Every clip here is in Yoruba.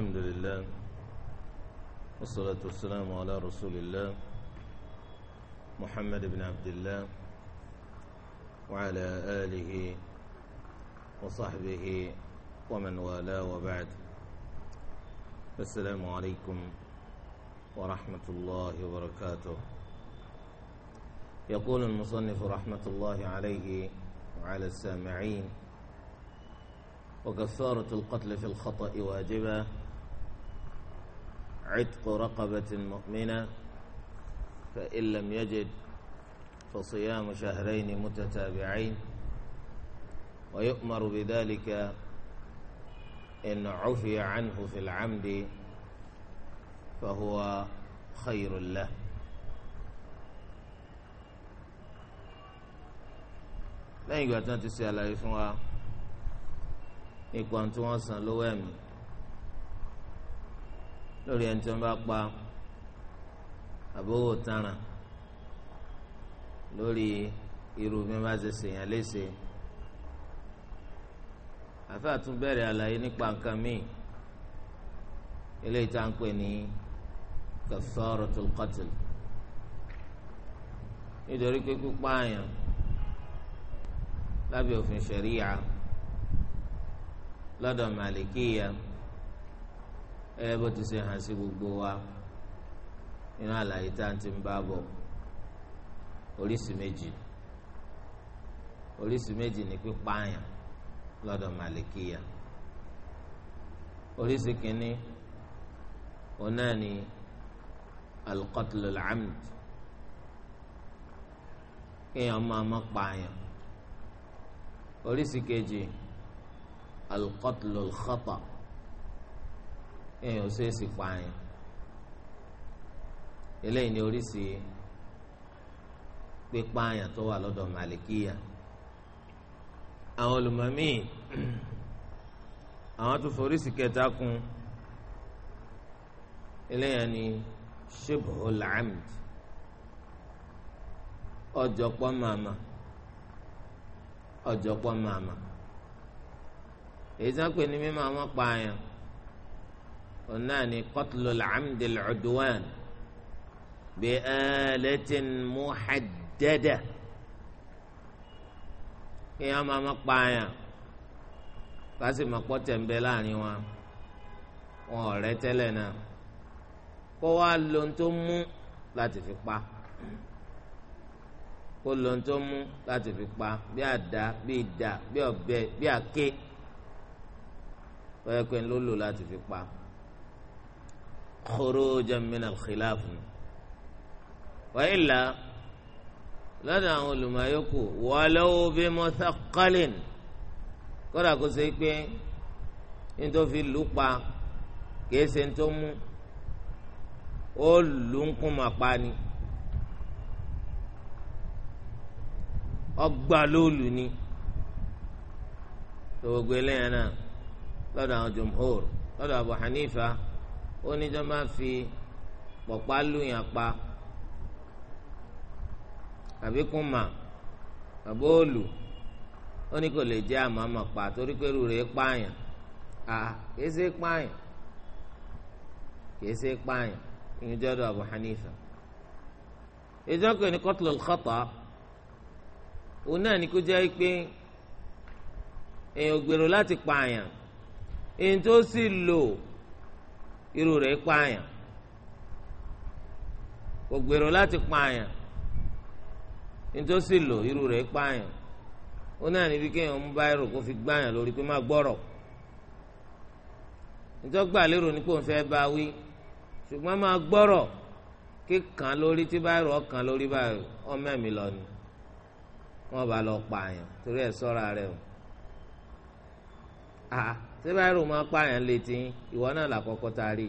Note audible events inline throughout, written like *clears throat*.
الحمد لله والصلاة والسلام على رسول الله محمد بن عبد الله وعلى آله وصحبه ومن والاه وبعد السلام عليكم ورحمة الله وبركاته يقول المصنف رحمة الله عليه وعلى السامعين وكفارة القتل في الخطأ واجبة عتق رقبة مؤمنة فإن لم يجد فصيام شهرين متتابعين ويؤمر بذلك إن عفي عنه في العمد فهو خير له lẹ́yìn ìgbà tí wọ́n ti ṣe àlàyé fún wa nípa tí wọ́n san lówó ẹ̀mí lórí ẹni tí wọ́n bá pa àbówò tánràn lórí irú bí wọ́n bá ṣe ṣèyàn léṣe àfẹ́ àtúnbẹ̀rẹ̀ àlàyé nípa nǹkan míì eléyìí tá à ń pè ní kaffaratul qatl nítorí pé pípààyàn lábẹ́ òfin ṣẹ̀ríyà lọ́dọ̀ màlìkíyà ẹ bó ti ṣe hàn sí gbogbo wa nínú àlàyé tá à ń ti ń bá bọ̀ oríṣi méjì oríṣi méjì ní pípààyàn lọ́dọ̀ màlìkíyà oríṣi kìíní òun náà ni alqatl al'amd kéèyàn máa má pààyàn oríṣi kejì alqatl al èèyàn ò ṣeéṣì pààyàn eléyìí ni oríṣi pípààyàn tó wà lọ́dọ̀ màlìkíyà àwọn olùmọ̀mí *clears throat* àwọn tó foríṣi kẹta kun eléyìí ni shibhul amd ọjọ́ màmá ọjọ́ màmá èyí onáni kọtulù làmdi lùdùwàn bí ẹlẹtìn muhaddada kí wọn máa ma pààyàn kásì máa pọ tẹ̀m̀bẹ̀ láàrin wọn wọn ọ̀rẹ́ tẹ́lẹ̀ náà kó wá lóhun tó mú láti fi pa kó lóhun tó mú láti fi pa bí àdá bí ìdá bí ọ̀bẹ bí àké wọ́n yẹ kó ń lò láti fi pa khurujan min al-khilaf wa illa lọ́dọ̀ àwọn olùmọ̀ọ́yọ́kù walaw bi muthaqqalin kódà kó ṣe pé nítorí lù pa kìí ṣe tó mú ó lù ń kún mà pa ni ọgbà ló lù ni gbogbo eléyàn náà lọ́dọ̀ àwọn jumhur lọ́dọ̀ Abu Hanifa ó ní tó máa fi pọ̀pá lùyàn pa àbí kún mà àbó òòlù ó ní kò lè jẹ́ àmàmà pa torí pé rú rèé pààyàn à kìí ṣe pààyàn kìí ṣe pààyàn ìyẹn jọ́dọ̀ Abu Hanifa ìjọkọ̀ ní qatlul khata òun náà ní kó jẹ́ pé èèyàn gbèrò láti pààyàn èyí tó sì lò irú rẹ̀ pààyàn kò gbèrò láti pààyàn nítòsí lò irú rẹ̀ pààyàn ó náà níbi kéèyàn mú báyìí kó fi gbààyàn lórí pé má gbọ́rọ̀ nítògbà lérò ní kò ń fẹ́ bá wí ṣùgbọ́n má gbọ́rọ̀ kíkan lórí tí báyìí ọkàn lórí báyìí ọmọ ẹ̀mí lọ ni wọ́n bá lọ pààyàn torí ẹ̀ sọ́ra rẹ̀ o. Ah ṣé báyìí máa pààyàn létí ìwọ náà làkọ́kọ́ tá a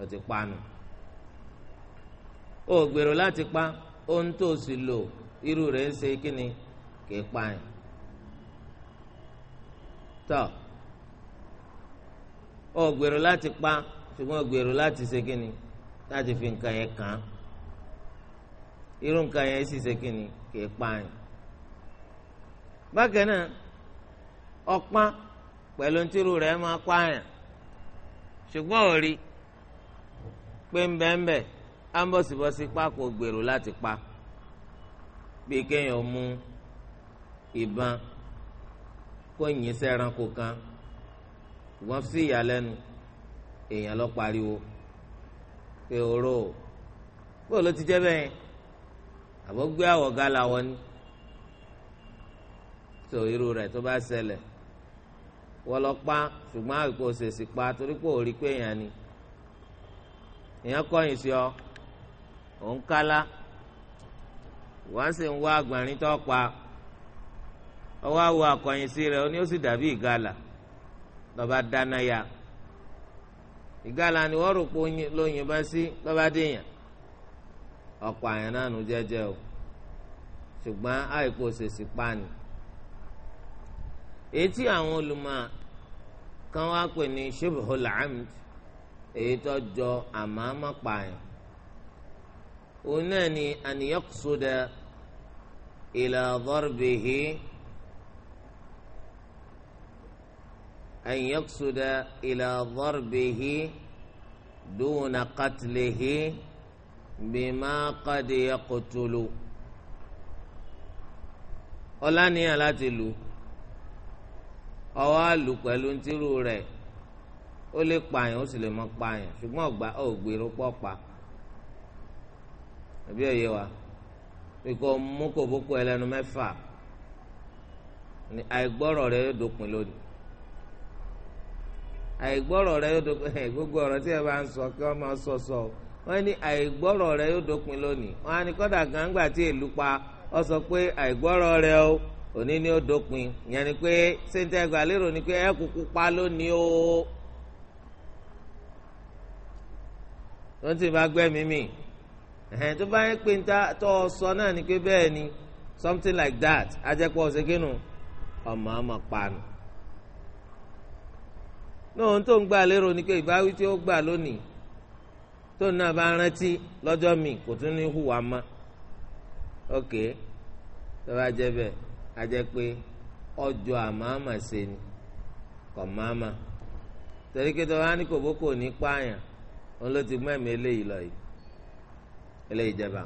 o ti panu o gbèrò láti pa ohun tó o sì lò irú rẹ̀ ń ṣe kíni kì í pààyàn tọ o gbèrò láti pa ṣùgbọ́n o gbèrò láti ṣe kíni láti fi nǹkan yẹn kàn án irú nǹkan yẹn sì ṣe kíni kì í pààyàn bákan náà ọpọ́n pẹ̀lú ntírù rẹ̀ máa pààyàn ṣùgbọ́n ò rí pé ńbẹ́ńbẹ́ á ń bọ̀sibọ́sí pákó gbèrò láti pa bí kéèyàn mú ìbọn kó yìn sẹ́ranko kan wọ́n sí ìyàlẹ́nu èèyàn lọ pariwo pé oró o bó ló ti jẹ́ bẹ́ẹ̀ àbọ̀ gbé àwọ̀ gálà wọ ni tó irú rẹ̀ tó bá ṣẹlẹ̀. So, wọ́n lọ pa ṣùgbọ́n pa torí pé pé èèyàn ni èèyàn sí ọ òun kálá wọ́n sì ń wá àgbọ̀nrín tó pa ọwọ́ àwọ àkọ́yìn sí rẹ̀ ní ó sì dàbí ìgalà lọ́ba dáná ya ìgalà ni wọ́n rò pé o ṣùgbọ́n òṣèṣì pa ni. èyí tí àwọn olùmọ̀ kan wá pè ní shubhul amd èyí tó jọ àmàmà pààyàn òun náà ni an yaqsuda ila darbihi an yaqsuda ila darbihi duna qatlihi bima qad láti lù ọwọ́ àlù pẹ̀lú ntírù rẹ̀ ó lè pààyàn ó sì lè mọ pààyàn ṣùgbọ́n ọgbà pọ̀ pa ẹbí òye wa ikọ̀ mú ẹlẹ́nu mẹ́fà ni àìgbọ́rọ̀ rẹ̀ yóò dópin lónìí àìgbọ́rọ̀ rẹ̀ yóò dópin *laughs* gbogbo ọ̀rọ̀ tí ẹ bá ń sọ kí wọ́n máa sọ sọ wọ́n ní àìgbọ́rọ̀ yóò dópin lónìí wọ́n á ní kọ́dà pa ọ sọ pé àìgbọ́rọ̀ rẹ o. òní ni ó dópin yẹn ni pé sèǹtẹ̀ gbàlérò ni pé o bá ẹ̀hẹ́n tó bá pé tó o sọ náà ni pé bẹ́ẹ̀ ni something like that ajẹ́pọ̀ ọmọ ọmọ panu lóun tó ń gbà lérò ni pé ìbáwí tí ó gbà lónìí tó náà bá rántí lọ́jọ́ mi kò ajẹ́ pé ọjọ́ àmàmà ṣe ni kọ̀ máma torí pé tó bá ní kòbókò ní pààyàn òun ló ti mú ẹ̀mí eléyìí lọ yìí eléyìí jẹba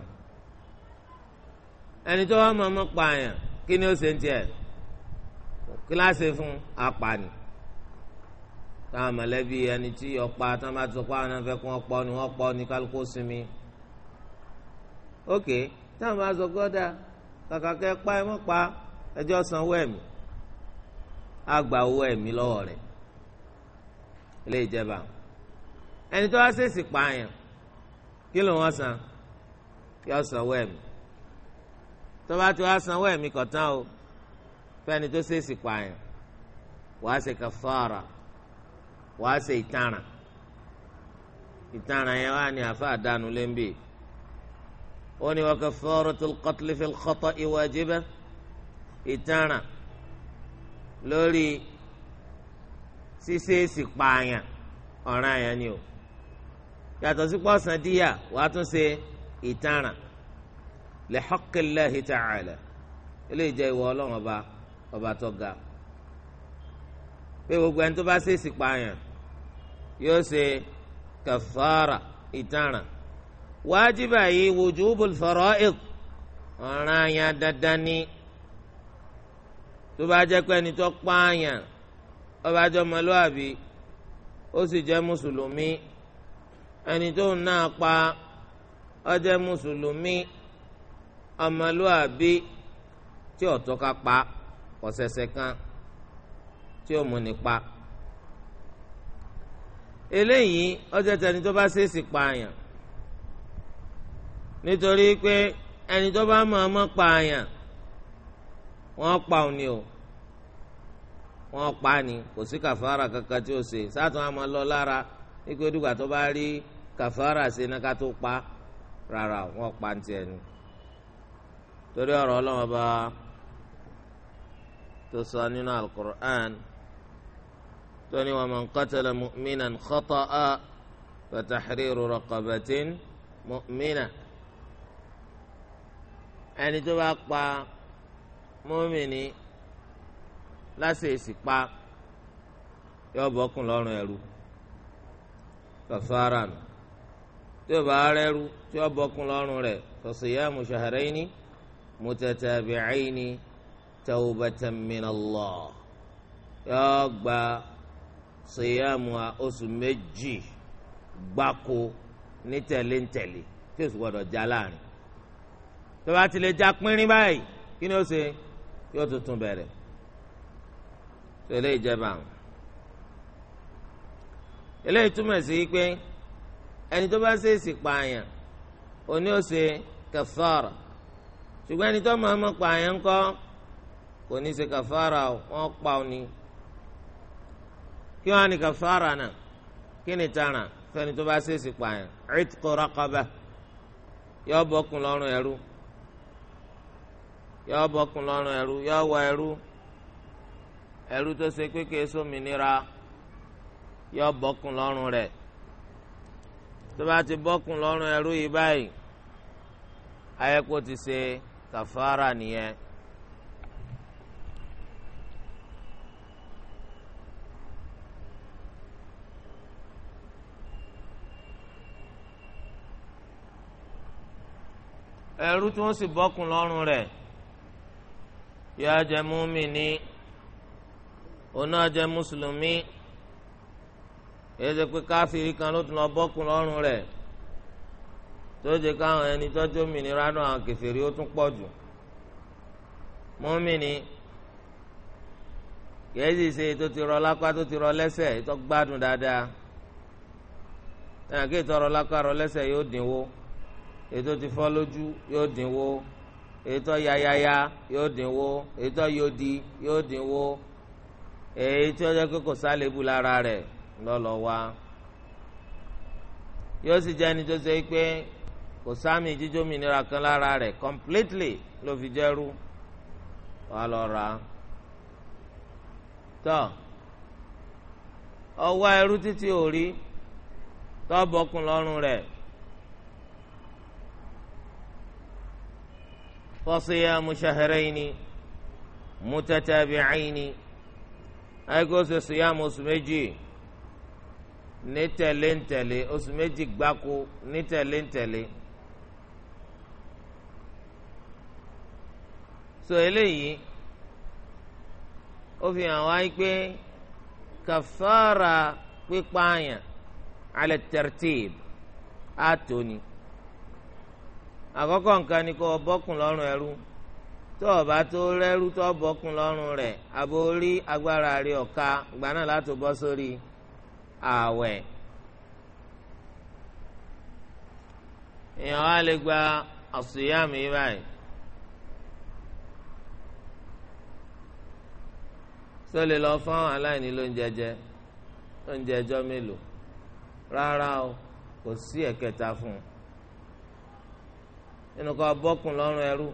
ẹni tó wá máa mọ pààyàn kí ni ó ṣe ń tiẹ̀ kíláàsì fún apààyàn táwọn mọ̀lẹ́bí ẹni tí ọ̀pá táwọn bá tó pa àwọn afẹ́ kún ọ̀pọ̀ ni wọ́n pọ̀ ní kálukú sinmi ókè táwọn bá sọ gbọ́dà kàkà pa ẹ mọ́ pa ẹjọ́ sanwó ẹ̀mí á gba owó ẹ̀mí lọ́wọ́ rẹ̀ ilé ìjẹba ẹni tó wá ṣèèṣì pààyàn kí ló wọ́n san yọ sanwó ẹ̀mí tó bá ti wá sanwó ẹ̀mí kọ̀tán o fẹ́ni tó ṣèèṣì pààyàn wàá ṣe kàfàrà wàá ṣe ìtanràn ìtanràn yẹn wà ní àfa àdánù lẹ́ńbì ó ní wa kaffaratul qatl fil khata'i wajiba ìtanràn lórí ṣíṣeéṣì pààyàn ọ̀ràn àyàn ni o yàtọ̀ sí pọ́sán díyà wàá tún ṣe ìtanràn li haqqillahi ta'ala eléyìí jẹ́ ìwọ ọlọ́run ọba ọba tó ga pé gbogbo ẹni tó bá ṣèèṣì pààyàn yóò ṣe kàfàrà ìtanràn wájibà yìí wujubul fara'id ọ̀ràn àyàn dandan ni tó bá jẹ́ pé ẹni tó pààyàn ọba jọ ọmọlúwàbí ó sì jẹ́ mùsùlùmí ẹni tó náà pa ó jẹ́ mùsùlùmí ọmọlúwàbí tí ọ̀tọ́ ká pa ọ̀sẹ̀sẹ̀ kan tí ó mú ni pa eléyìí ó jẹ́ tẹni tó bá ṣèèṣì pààyàn nítorí pé ẹni tó bá mọ̀ọ́mọ̀ pààyàn wọ́n pa òun ni o wọ́n pa ni kò sí kàfàrà kankan tí ó ṣe sátún àmọ́ lọ lára ikú edugba tó bá rí kàfàrà ṣe náà ká tó pa rárá wọ́n pa ní tiẹ̀ ni torí ọ̀rọ̀ Ọlọ́run ọba tó sọ nínú alukur'an tó ní waman qatala mu'minan khata'a fatahriru raqabatin mu'mina ẹni tó bá pa múmìnì lásìsì pa yóò bọ́kùn lọ́rùn ẹ̀rú kàfàrà nù tí o bá rẹ́rú tí o bọ́kùn lọ́rùn rẹ̀ fasiyamu shahrayni mutatabi'ayni tawbatan min Allah yóò gba siyamu oṣù méjì gbáko ní tẹ̀léńtẹ̀lé tí o sì gbọ́dọ̀ já láàrin tó bá ti já pínrín báyìí kí ni ó ṣe. yóò tuntun bẹ̀rẹ̀ tẹ̀lé ìjẹba àwọn. eléyìí túmọ̀ sí pé ẹni tó bá ṣèèṣì pààyàn òní ó ṣe kàfàrà ṣùgbọ́n ẹni tó máa mọ̀ pààyàn ńkọ́ kò ní ṣe wọn ọ ni kí á ní náà kí ni fẹ́ni tó bá pààyàn yọ bọkùn lọ́rùn ẹrú yọ wọ ẹrú ẹrú tó ṣe pé kìí sómìnira yọ bọkùn lọ́rùn rẹ̀ tó bá ti bọkùn lọ́rùn ẹrú yìí báyìí ayẹkọ ti ṣe kàfàrà nìyẹn. ẹrú tí wọ́n sì bọkùn lọ́rùn rẹ̀ yọ ajẹ múmìnì oná ajẹ mùsùlùmí èyí pé káfíìrì kan ló tún lọ bọ́kùn lọ́rùn rẹ̀ tó jẹ káwọn ẹni tọ́jú òmìnira náà àwọn kèfèrí ó tún pọ̀ jù múmìnì kìí sì ṣe tó ti rọ lápá tó ti rọ lẹ́sẹ̀ tó gbádùn dáadáa náà kí ìtọrọ lápá rọ lẹ́sẹ̀ yóò dínwó èyí ti fọ́ lójú yóò dínwó ètò yayaya yóò dínwó ètò yodi yóò dínwó èyí tí ó jẹ́ pé kò sálébù lára rẹ̀ lọ́lọ́ wa yóò sì jẹ́ ẹni tó ṣe pé kò sáàmì jíjó mìíràn kan lára rẹ̀ completely ló fi jẹ́rú wà lọ rà á tọ́ ọwọ́ ẹrú títí ò rí tọ́ bọ́kùn lọ́rùn rẹ̀. فصيام شهرين متتابعين أيقوس صيام اسمجي nítẹ̀léńtẹ̀lé oṣù méjì gbáko nítẹ̀léńtẹ̀lé so eléyìí ó fi hàn wáyé pé kàfàrà pípààyàn alẹ́ tẹ̀rẹ̀tìb àtòní àkọ́kọ́ nǹkan ni kó o bọ́kùn lọ́rùn ẹrú tó o bá tó rẹ́rú tó o bọ́kùn lọ́rùn rẹ̀ àbò rí agbára rẹ̀ ọ̀ka náà láti bọ́ sórí ààwẹ̀. èèyàn wá lè gba báyìí. lọ fún aláìní lóúnjẹ jẹ lóúnjẹ rárá o kò sí ẹ̀kẹta fún nínú kọ́ bọ́kùn lọ́rùn ẹrú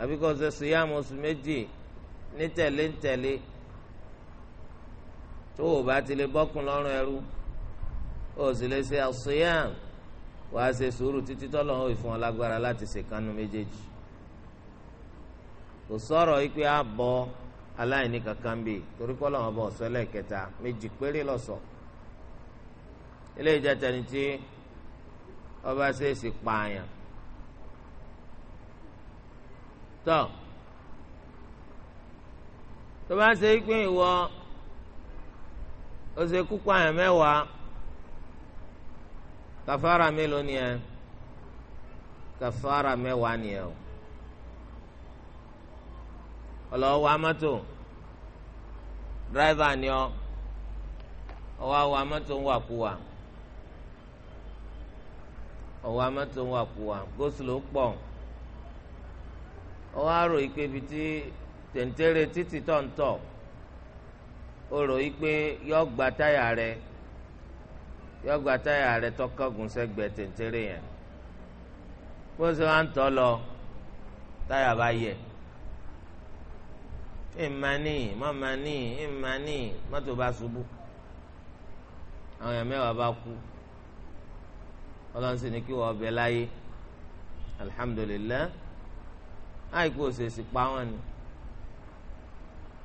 àbí kọ́ ṣe síyàmù oṣù méjì ní tẹ̀lé ń tẹ̀lé tó o bá ti lè bọ́kùn lọ́rùn ẹrú o sì lè ṣe àṣeyàm wàá ṣe sùúrù títí tọ́lọ̀ ó ìfún ọ lágbára láti ṣèkánu méjèèjì kò sọ̀rọ̀ ipe àbọ̀ aláìní kankan bíi torí kọ́ lọ́wọ́ bọ̀ sọ́lẹ̀ kẹta méjì péré lọ́sọ̀ ilé ìjà tẹni tí ọba ṣe é sì pààyàn. tọ. tó bá ṣe pé ìwọ ó ṣe kúkú àyàn mẹ́wàá kàfàrà mélòó ni ẹ kàfàrà mẹ́wàá ni ẹ o ọlọ́wọ́ ni ọ ọwọ́ ọwọ́ àrò ìpè ibi tí tẹ̀ǹtẹ̀rẹ̀ títì tọ̀ǹtọ̀ ó rò yí pé yọ gba táyà rẹ yọ gba táyà rẹ tọkọgùn sẹ́gbẹ̀ẹ́ tẹ̀ǹtẹ̀rẹ̀ yẹn bó ṣe wá ń tọ́ lọ táyà bá yẹ ìmánì mọ́mánì ìmánì mọ́tò bá ṣubú àwọn èèyàn mẹ́wàá bá kú ọlọ́run sì ní kí wọ́n ọbẹ̀ láyé alihamudulilayi. àìkú òṣèṣì pa wọn ni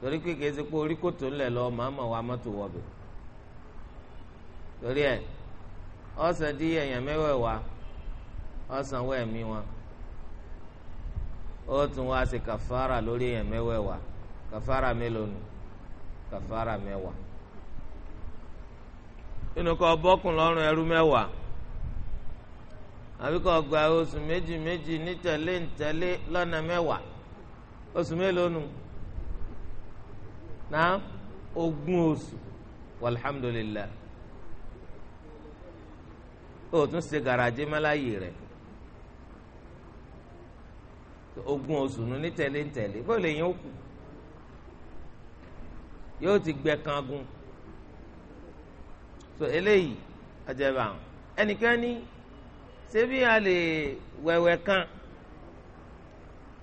torí pé kìí ṣe pé orí kòtò ńlẹ̀ lọ màmá wa mọ́tò wọ̀bẹ̀ torí ẹ ọsàn dí èèyàn mẹ́wẹ̀ẹ̀wá ọ̀sán wọ ẹ̀mí wọn ó tún wá ṣe kàfàrà lórí èèyàn mẹ́wẹ̀ẹ̀wá kàfàrà mélòó nù kàfàrà mẹwàá. inú kọ́ bọ́kùn lọ́rùn ẹrú mẹ́wàá. àbí kò gba oṣù méjì méjì nítẹ̀lé nítẹ̀lé lọ́nà mẹ́wàá oṣù mélòó nù náà ogún oṣù walhamdulillah o tún ṣe garaje mẹ́láyè rẹ̀ ogún oṣù nù nítẹ̀lé nítẹ̀lé bó lè yín ó kù yóò ti gbẹ kangun so eléyìí ajẹbà ẹnikẹ́ni ṣebí a lè wẹ̀wẹ̀ kan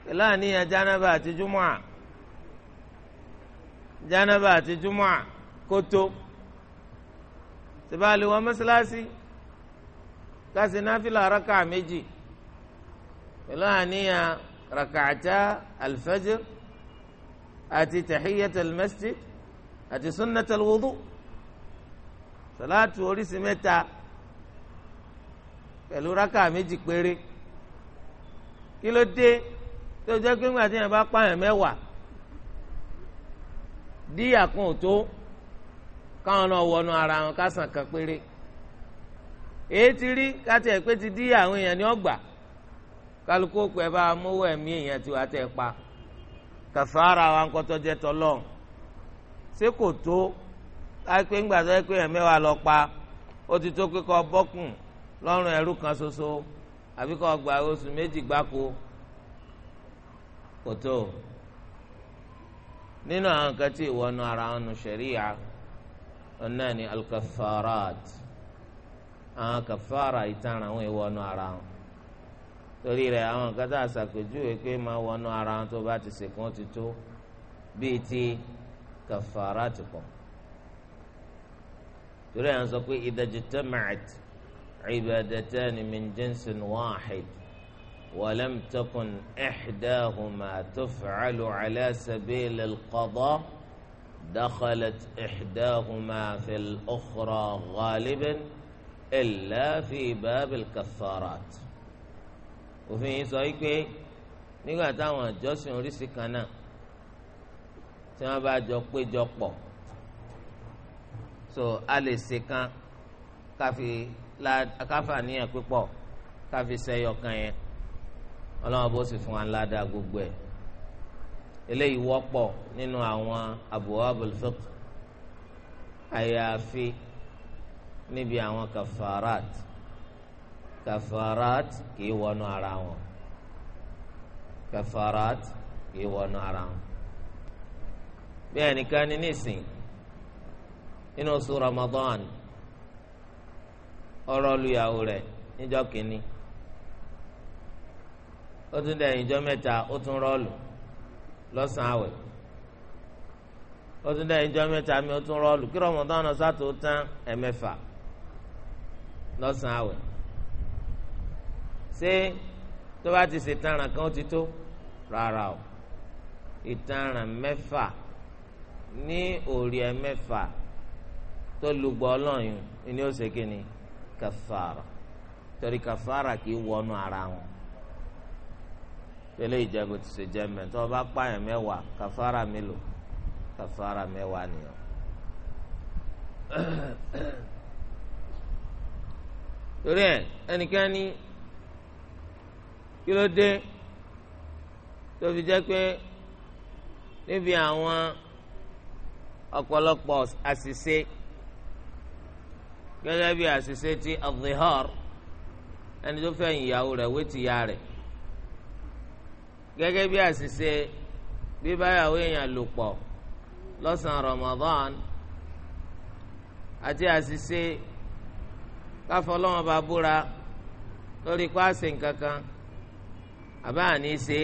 pẹ̀lú àníyàn jánaba àti júmọ́à jánaba àti júmọ́à kótó ṣebí a lè wọ mọ́ṣáláṣí kasi nafila raka méjì pẹ̀lú àníyàn rakata alfajir àti tahiyat almasjid àti sunnat alwudu salatu oríṣi mẹ́ta pẹ̀lú rákà méjì péré kí ló dé tó jẹ́ pé ńgbà tí yẹn bá pààyàn mẹ́wàá díyà kan ò tó káwọn náà wọnú ara wọn ká sàn kan péré èyí ti rí káti ẹ̀ pé ti díyà àwọn èèyàn ní ọgbà kálukú òkú ẹ bá mówó ẹ̀mí èèyàn tiwa tẹ̀ pa kàfàrà wa ńkọ́tọ́ jẹ́ tọ́lọ́ọ̀ ṣé kò tó láìpé ńgbà tó yẹ pé èèyàn mẹ́wàá lọ pa ó ti tó pé kọ́ bọ́kùn lọ́rùn ẹrú kan ṣoṣo àbí kọ́ gba oṣù méjì gbáko kò tó nínú àwọn nǹkan tí ìwọ́nu ara ọ̀nù ṣẹ̀ríyà ọ̀nà ni alkafarat àwọn kàfàrà ìtaràn àwọn ìwọ́nu ara wọn torí rẹ̀ àwọn nǹkan tá a ṣàpèjúwe pé máa wọnú ara wọn tó bá ti ṣèkún ti tó bíi ti kàfàrà ti torí àwọn sọ pé ìdajì tẹ́ mẹ́ẹ̀tì. عبادتان من جنس واحد ولم تكن إحداهما تفعل على سبيل القضاء دخلت إحداهما في الأخرى غالبا إلا في باب الكفارات وفي صحيح sọ yìí جوسين ريسي كانا ìjọsìn oríṣi جوكو náà tí wọ́n bá so la káfà níyàn pípọ̀ káfi sẹ́yọ kan yẹn ọlọ́wọ́n bó sì fún wa ládàá gbogbo ẹ̀ eléyìí wọ́pọ̀ nínú àwọn abwabul fiqh àyàfi níbi àwọn kafarat kafarat kì í wọnú ara wọn kafarat kì í wọnú ara wọn bẹ́ẹ̀ nìkan ní nísìn nínú oṣù Ramadan. Ọrọ lùyàwó rẹ níjọ́ kìíní ó tún dẹ̀ ìjọ́ mẹ́ta ó tún rọ́ọ̀lù lọ́sàn-án ó tún dẹ̀ ìjọ́ mẹ́ta mi ó tún rọ́ọ̀lù kí rọ̀mọ̀dọ́nà tán ẹ̀mẹ́fà ṣé tó bá ti kan ó ti tó rárá o mẹ́fà ní kàfàrà torí kàfàrà kì í wọnú ara wọn tẹlẹ ìjẹgùn ti ṣe jẹ mẹ tó o bá pààyàn mẹ́wàá kàfàrà mélòó kàfàrà mẹ́wàá nìyẹn. torí ẹ ẹnikẹ́ni kí ló dé tó fi jẹ́ pé níbi àwọn ọ̀pọ̀lọpọ̀ àṣìṣe gẹ́gẹ́ bí àṣìṣe ti adhihar ẹni tó fẹ́ ìyàwó rẹ̀ wé ti ya rẹ̀ gẹ́gẹ́ bí àṣìṣe bíbáyàwó èèyàn lò pọ̀ lọ́sàn-án Ramadan àti àṣìṣe káfọlọ́wọn bá búra lórí kó àṣe nǹkankan àbá àní ṣe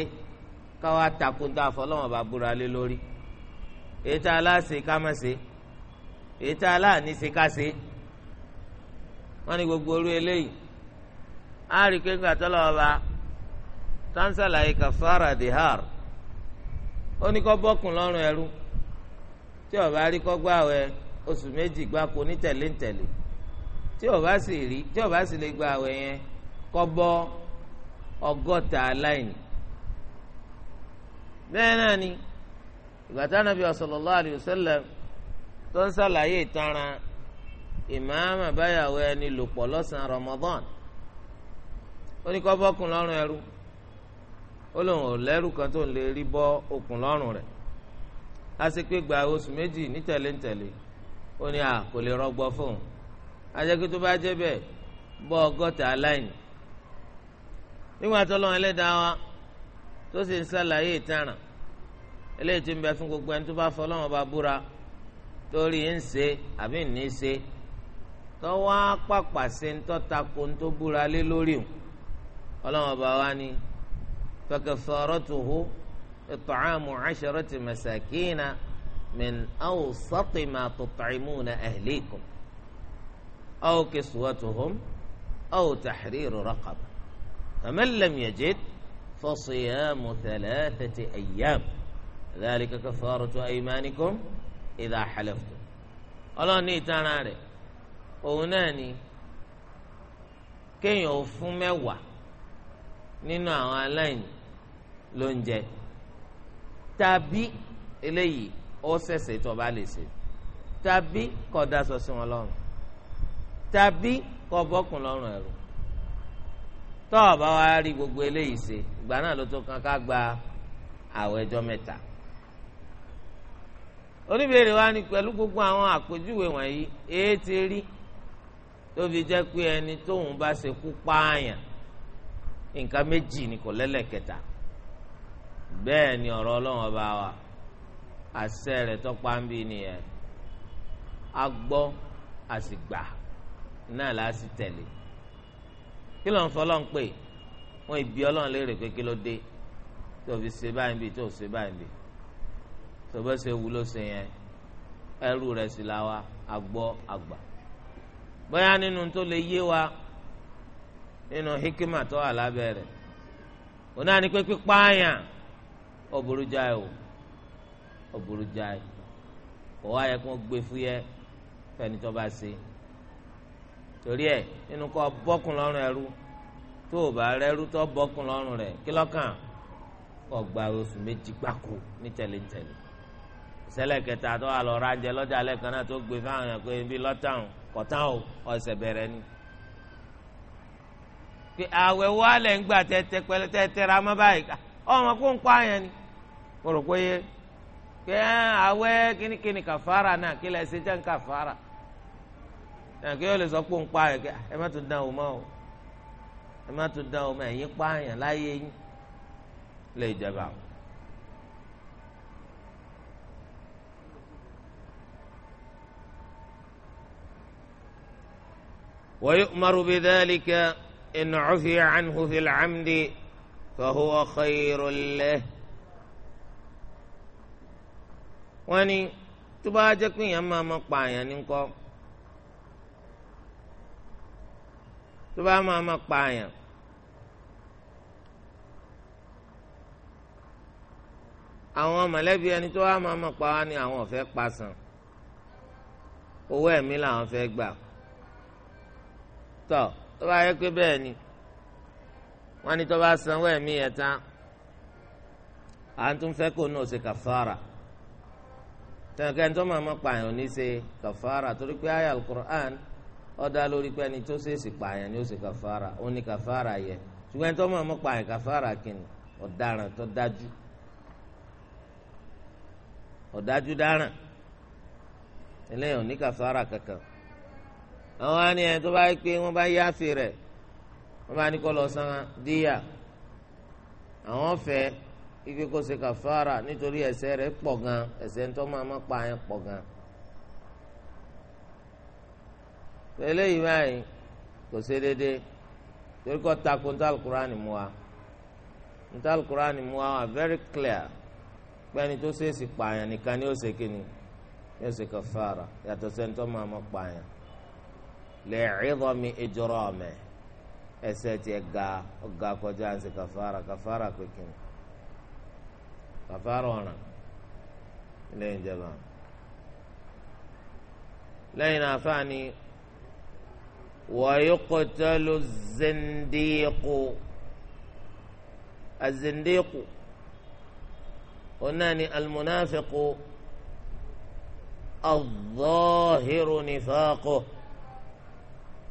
káwá takuntà àfọlọ́wọn bá búra lé lórí èyí tá a láṣe ká má ṣe èyí tá a láàní ṣe ká ṣe. wọn ni gbogbo orú eléyìí á rí i pé ńgbà tọ́lọ́ ọba tánsàlàyé kàfàrà dìhàr ó ní kó bọ́kùn lọ́rùn ẹrú tí ọba rí kó gbààwẹ̀ oṣù méjì gbáko ní tí ọba sì rí tí ọba sì lè gbààwẹ̀ yẹn kó bọ́ ọgọ́ta aláìní ìmáàmà báyàwó ẹni lò pọ̀ lọ́sàn-án Ramadan ó ní kó bọ́kùn lọ́rùn ẹrú ó lóun ò lẹ́rù kan tó ń lè rí bọ́ okùn lọ́rùn rẹ̀ á sì pé gba oṣù méjì ní tẹ̀léńtẹ̀lé ó ní à kò lè rọgbọ fóun ajẹ́kí tó bá jẹ́ bẹ́ẹ̀ bọ́ ọgọ́ta aláìní nígbà tó ẹlẹ́dàá wa tó sì ń ṣàlàyé ìtaràn eléyìí ti ń bẹ fún gbogbo ẹni tó bá fọlọ́wọ́n bá búra torí ń ṣe àbí ń ní ṣe tó wá pàpà sí ń tọ́ta kó ń tó búra lé lórí o ọlọ́wọ́n bá wá ní fakafaratuhu it'amu asharati masakina min awsati ma tut'imuna ahlikum aw kiswatuhum aw tahriru raqaba faman lam yajid fasiyamu thalathati ayyam dhalika kafaratu aymanikum idha halaftum ọlọ́run ní ìtara rẹ̀ òun náà ni kéèyàn ò fún mẹ́wàá nínú àwọn aláìní lóúnjẹ tàbí eléyìí ó ṣẹ̀ṣẹ̀ tó bá lè ṣe tàbí kó daṣọ sí wọn lọ́rùn tàbí kó bọ́kùn lọ́rùn ẹ̀rù tó o bá wá rí gbogbo eléyìí ṣe ìgbà náà ló tó kàn ká gba àwọ̀ ẹjọ́ mẹ́ta oníbèrè wa ni pẹ̀lú gbogbo àwọn àpèjúwe wọ̀nyí èé ti rí tó fi jẹ́ pé ẹni tóun bá ṣekú pààyàn nǹkan méjì ni kò lẹ́lẹ̀kẹta bẹ́ẹ̀ ni ọ̀rọ̀ ọlọ́run ọba wa àṣẹ rẹ̀ tọ́pá ń bí nìyẹn a gbọ́ a sì gbà náà la sì tẹ̀lé kí ló ń fọ ọlọ́run pé wọn ìbí ọlọ́run léèrè pé kí ló dé tó fi ṣe báyìí bí tó ṣe báyìí bí tó ṣe wú ṣe yẹn ẹrú rẹ̀ sì la wa a gbọ́ a gbà bóyá nínú tó lè yé wa nínú hikima tó wà lábẹ́ rẹ̀ òun náà ní pé pípáyàn ó burú jáì o ó burú jáì kò wá yẹ kó gbé fúyẹ́ fẹ́ni tó bá ṣe torí ẹ̀ nínú kọ́ bọ́kùn lọ́rùn ẹrú tó o bá rẹ́rú tó bọ́kùn lọ́rùn rẹ̀ kí lọ́kàn kọ́ oṣù méjì gbáko ní tẹ̀léńtẹ̀lé ìṣẹ̀lẹ̀ kẹta tó wà lọ rájẹ lọ́jà lẹ́ẹ̀kan náà tó gbé fáwọn èèyàn pé ibi lọ́tàn kọta o ọ̀sẹ̀ ni. pé àwẹ̀ wa ń gbà tẹ́tẹ́ pẹ́lẹ́ tẹ́tẹ́ ra mọ́ báyìí ọmọ kó ń pa yẹn ni mo rò pé yé pé àwẹ̀ kínníkínní kàfàrà náà kí ń kàfàrà náà kí yóò sọ pé ń pa yẹn ẹ má tún dán o mọ́ o ẹ má tún dán o mọ́ ẹ̀yìn pa yẹn láyé yín lè jẹba o. ويؤمر بذلك إن عفي عنه في العمد فهو خير له wọ́n ní tó bá jẹ́ pé èèyàn máa máa pa àyàn ní kọ́ tó bá máa máa pa àyàn àwọn mọ̀lẹ́bí ẹni tó bá máa máa pa wá ní àwọn ò fẹ́ pa sàn owó ẹ̀mí làwọn fẹ́ gbà. tọ tó bá yẹ pé bẹ́ẹ̀ ni wọ́n ní tó bá sanwó ẹ̀mí yẹn tán à ń tún fẹ́ kó náà ṣe kàfàrà tẹnikẹ́ni tó máa mọ́ pààyàn ní ṣe kàfàrà torí pé àyà alukur'an ó dá lórí pé ẹni tó ṣèṣì pààyàn ni ó kàfàrà ó ní kàfàrà yẹ ṣùgbọ́n tó máa mọ́ pààyàn kàfàrà kìnnì ọ̀daràn tó dájú ọ̀dájú dáràn eléyàn ní kàfàrà kankan àwọn àni ẹ̀ tó bá yẹ pé wọ́n bá yáàfì rẹ̀ wọ́n bá ní kó lọ san díyà àwọn fẹ́ ike kó ṣe kàfàrà nítorí ẹ̀ṣẹ̀ rẹ̀ pọ̀ gan ẹ̀ṣẹ̀ ń tọ́ máa má pa yẹn pọ̀ gan. eléyìí báyìí kò ṣe déédéé torí kò takò ntàl kúránì mú wa ntàl kúránì mú wa wà very clear pẹ́ni tó ṣèèṣì pààyàn nìkan ni ó ṣe kíni yóò ṣe kàfàrà yàtọ̀ sẹ́ńtọ́ máa má pààyàn lẹ́ẹ̀cídọ́mi ìjọ́rọ́mẹ́ ẹsẹ̀ tiẹ̀ ga ọ̀gá kọjá àti kàfàrà kàfàrà pínpín kàfàrà ọ̀ràn lẹ́yìn jẹba lẹ́yìn àfààní wàyíkọ̀tẹ́lu zindíkù azindíkù onáni almunafiqu الظاهر نفاقه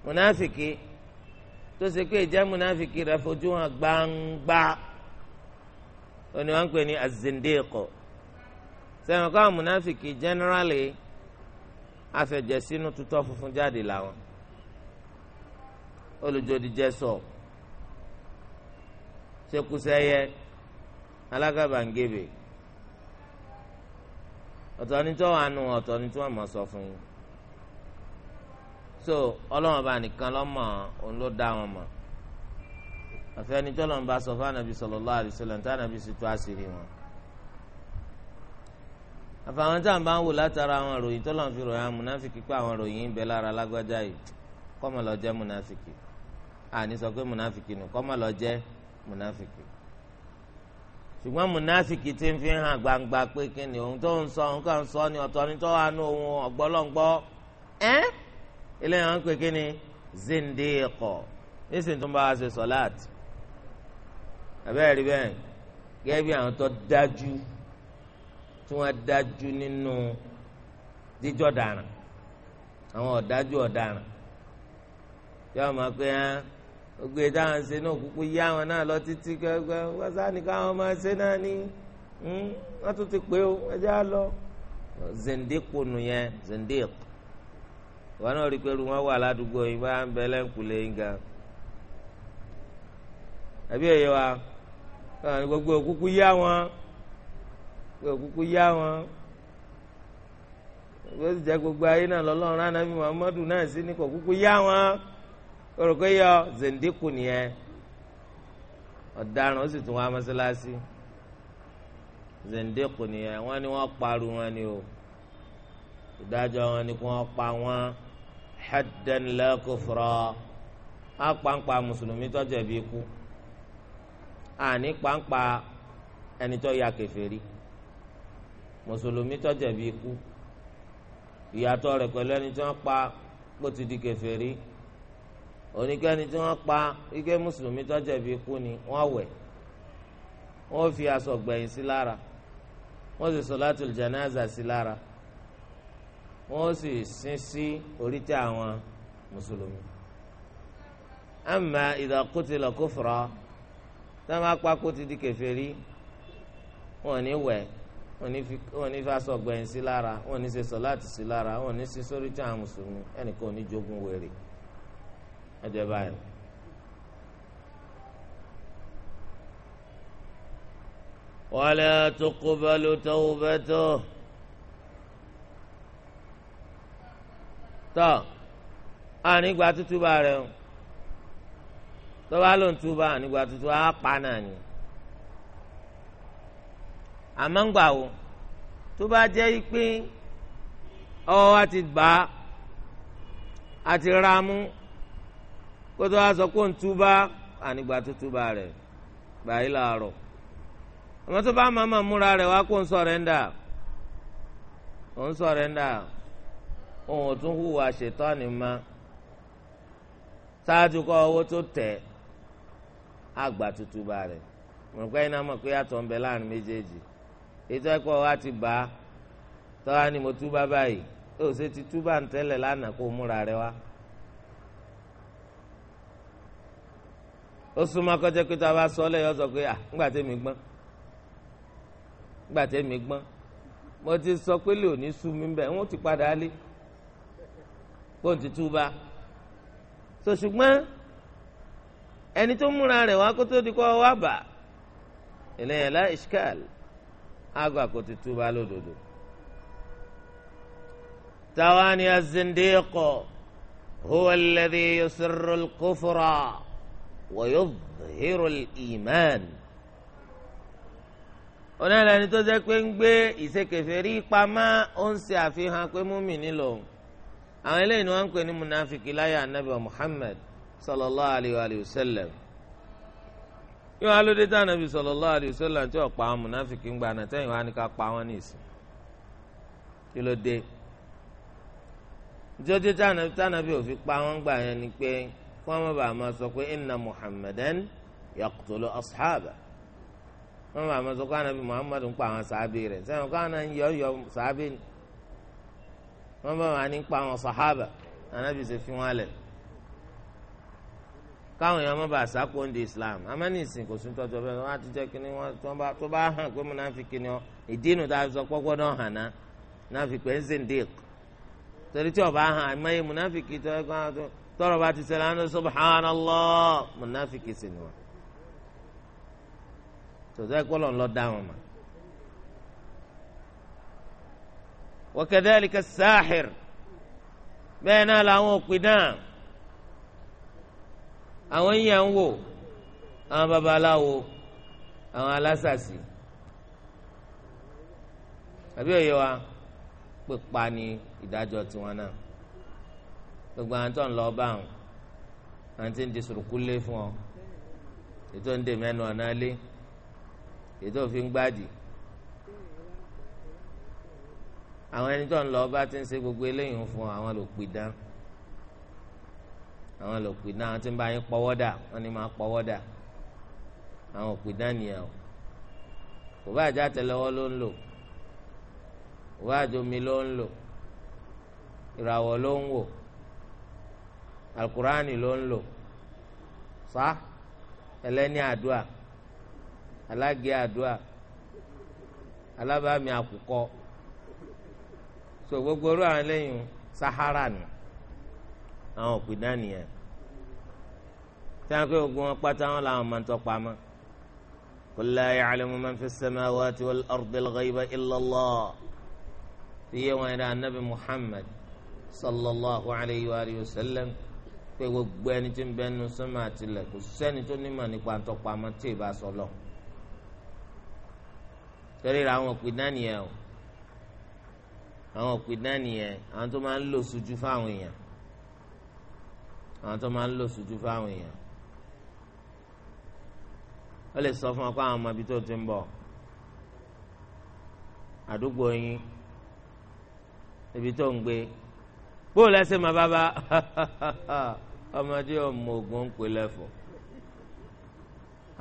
munafiki tó ṣe pé ìjẹ́ munafiki rẹ̀ fojú hàn gbangba òní wọn ń pè ní azindeeko sẹ́wọ̀n káwọn munafiki generally afẹ̀jẹ̀sínú tutọ́ funfun jáde làwọn olùjọ́díjẹ́ sọ ṣekúṣẹ́yẹ alágàbàǹgebè ọ̀tọ̀ ni tí wọ́n wà nù ọ̀tọ̀ ni tí sọ fún yín. so ọlọ́run bá nìkan lọ́mọ òun ló dá wọn mọ̀ àfẹ́ni tọ́lọ́run bá sọ fún anabi sallallahu alaihi wasallam tí wọn. àfàwọn bá ń wò látara àwọn ròyìn tọ́lọ́run fi ròyìn amúnáfíkì pé àwọn ròyìn ń bẹ lára lágbájá yìí kọ́mọ lọ jẹ́ múnáfíkì àní ṣùgbọ́n múnáfíkì ti fi hàn gbangba pé òun tó ń sọ òun eléyìí wọn ń pè ni zindiqo nísìnyí tó ń bá wa ṣe sọláàt àbẹ́rẹ́ bẹ́ẹ̀ gẹ́gẹ́ bí àwọn tó dájú tí wọ́n dájú nínú jíjọ́ dàrán àwọn ọ̀dájú ọ̀daràn yọ ọ máa pé hàn gbogbo ètò àwọn ṣe náà kúkú yá àwọn náà lọ títí gbẹgbẹ wọn sáni káwọn máa ṣe náà ní hmm? wọn tún ti pé o ẹjẹ á lọ zendekunu yẹn zendekun ìwọ náà rí i pé irú wọn wà ládùúgbò yín bá ń bẹ lẹ́ǹkùlé yín gan. àbí èyí wa gbogbo òkúkú yá wọn gbogbo òkúkú yá wọn gbogbo ti jẹ gbogbo ayé náà lọ́lọ́run ánàbí muhammadu náà sí ní kò kúkú yá wọn orúkọ yọ zendiku nìyẹn ọ̀daràn ó sì tún wá mọ́sálásí zendiku nìyẹn wọ́n ní wọ́n parun wọn ni o ìdájọ́ wọn ni kí wọ́n pa wọ́n haddan لا kufra á pàǹpà mùsùlùmí tó أني ikú àní pàǹpà ẹni tó ya kèfèrí mùsùlùmí tó jẹ̀bi ikú ìyàtọ̀ rẹ̀ pẹ̀lú ẹni tí wọ́n pa kó ti di kèfèrí oníkẹ́ni tí wọ́n pa ike mùsùlùmí tó jẹ̀bi ikú ni wọ́n wẹ̀ wọ́n fi aṣọ gbẹ̀yìn sí lára wọ́n sì solatul janaza sí lára wọ́n sì sin sí oríta àwọn mùsùlùmí. àmà ìdàkùtì lọ́kùfọ̀rọ̀ tá a máa pákó ti di kèfèrí wọ́n ní wẹ̀ wọ́n ní fásọ gbẹ̀yìn sí lára wọ́n ní ṣe sọ̀láàtì sí lára wọ́n ní ṣe sóríta àwọn mùsùlùmí ẹnìkan ò ní jogún wèrè ẹjẹ báyìí. ولا تقبل توبته tọ́ ànígbà tútúbà rẹ o tọ́ba ló ń túbà ànígbà tútúbà á pa náà ni àmọ́ ń gbà wo tó bá jẹ́ pé ọwọ́ wa ti gbà á àti ramú kó tó wá sọ pé ń túbà ànígbà tó túbà rẹ̀ báyìí làárọ̀ àmọ́ tó bá máa múra rẹ̀ wá kó ń sọ̀rẹ́ńdà ó ń sọ̀rẹ́ńdà. òun ò hùwà ṣètọ́ni mọ́ ṣáájú kọ́ owó tó tẹ̀ àgbà tuntun bá rẹ̀ mọ̀ pé iná mọ̀ pé àtọ̀ ń bẹ láàrin méjèèjì ni mo túbá báyìí ó ti túbá ń tẹ́lẹ̀ lánàá kó múra rẹ wá. ó súnmọ́ pé tá a bá sọ lẹ́yìn ọ̀sọ̀ pé à ńgbà tẹ́mi gbọ́n ńgbà tẹ́mi gbọ́n mo ti sọ pé lè ò ní sú mi bẹ́ẹ̀ wọ́n ti padà kó ti túbà so ṣùgbọ́n ẹni tó múra rẹ̀ wá kó tó di kọ́ wá bà ìlẹ́yìn lá ìṣkáàlì àgbà kó ti túbà lódodo táwa ni azindiqo huwa alladhi yusirru al iman onílẹ̀ ẹni tó jẹ́ pé ń gbé ìṣekèfèrí pamọ́ ó ń ṣe àfihàn pé múmi nílò àwọn eléyìí ni wọ́n ń pè ní munafiki láyé anabi muhammed sallallahu alayhi wa sallam yóò alóde tá anabi sallallahu alayhi wa sallam tí wọ́n pa àwọn munafiki ńgbà náà tẹ́yìn wá ní ká pa wọ́n ní ìsìn kí ló dé jọjọ tánàbí òfin pa wọ́n ńgbà yẹn ni pé kí wọ́n má bàa máa sọ pé inna muhammadan yaqtulu ashaba wọ́n má máa sọ pé anabi muhammad ń pa àwọn sàábì rẹ̀ sẹ́yìn kọ́ àná yọ yọ sàábì ni. wọ́n bá wà nípa àwọn sàhábà anábì ṣe fi wọ́n lẹ̀ káwọn èèyàn má islam amánìsìn kò sún tọjọ bẹ́ẹ̀ wọ́n á ti jẹ́ kí ni tó bá hàn pé mo náà fi kíni ọ ìdínú tá a sọ pọ́pọ́ náà hàn subhanallah wọn tòótọ́ وكذلك الساحر بين لهم قدام àwọn yẹn ń wò àwọn babaláwo àwọn alásàsì àbí òye wa pípa ni ìdájọ́ tiwọn náà gbogbo àwọn tó ń lọ bá wọn àwọn tí ń di sùrùkú lé fún ọ ètò ń dè mẹ́nu ọ̀nà lé ètò òfin gbádìí àwọn ẹni tó ń lọ bá ti ń ṣe gbogbo eléyìí fún àwọn lò pè dán àwọn lò pè dán àwọn tí ń bá yín pọwọ́ dà wọ́n ní máa pọwọ́ dà àwọn òpè dán nìyẹn o kò bá àjà tẹlẹwọ́ ló ń lò kò bá àjò mi ló ń lò ìràwọ̀ ló ń wò alukurani ló ń lò fa ẹlẹ́ni àdúà alágẹ̀ àdúà alábàámi àkùkọ so gbogbo orú àwọn lẹ́yìn sahara nù àwọn òpìdá nìyẹn tí wọn pé ogun wọn pátá wọn làwọn máa ń tọpa mọ́ qul la ya'lamu man fi as-samawati wal ardi al-ghayba illa Allah iye wọn yẹn anabi Muhammad sallallahu alayhi wa sallam pé gbogbo ẹni tí ń bẹ nu sánmà àtìlẹ̀ kò sẹ́ni tó nímọ̀ nípa ntọpamọ tí ì bá sọ lọ torí ra àwọn òpìdá nìyẹn o àwọn òpìdán nìyẹn àwọn tó máa ń lò sójú fáwọn èèyàn àwọn tó máa ń lò sójú fáwọn èèyàn ó lè sọ fún ọ pé àwọn ọmọ ibi tó ti ń bọ̀ àdúgbò yín ibi tó ń gbé bóòlù ẹsẹ máa bá bá ọmọdé ọmọ ogun ń pè lẹfọ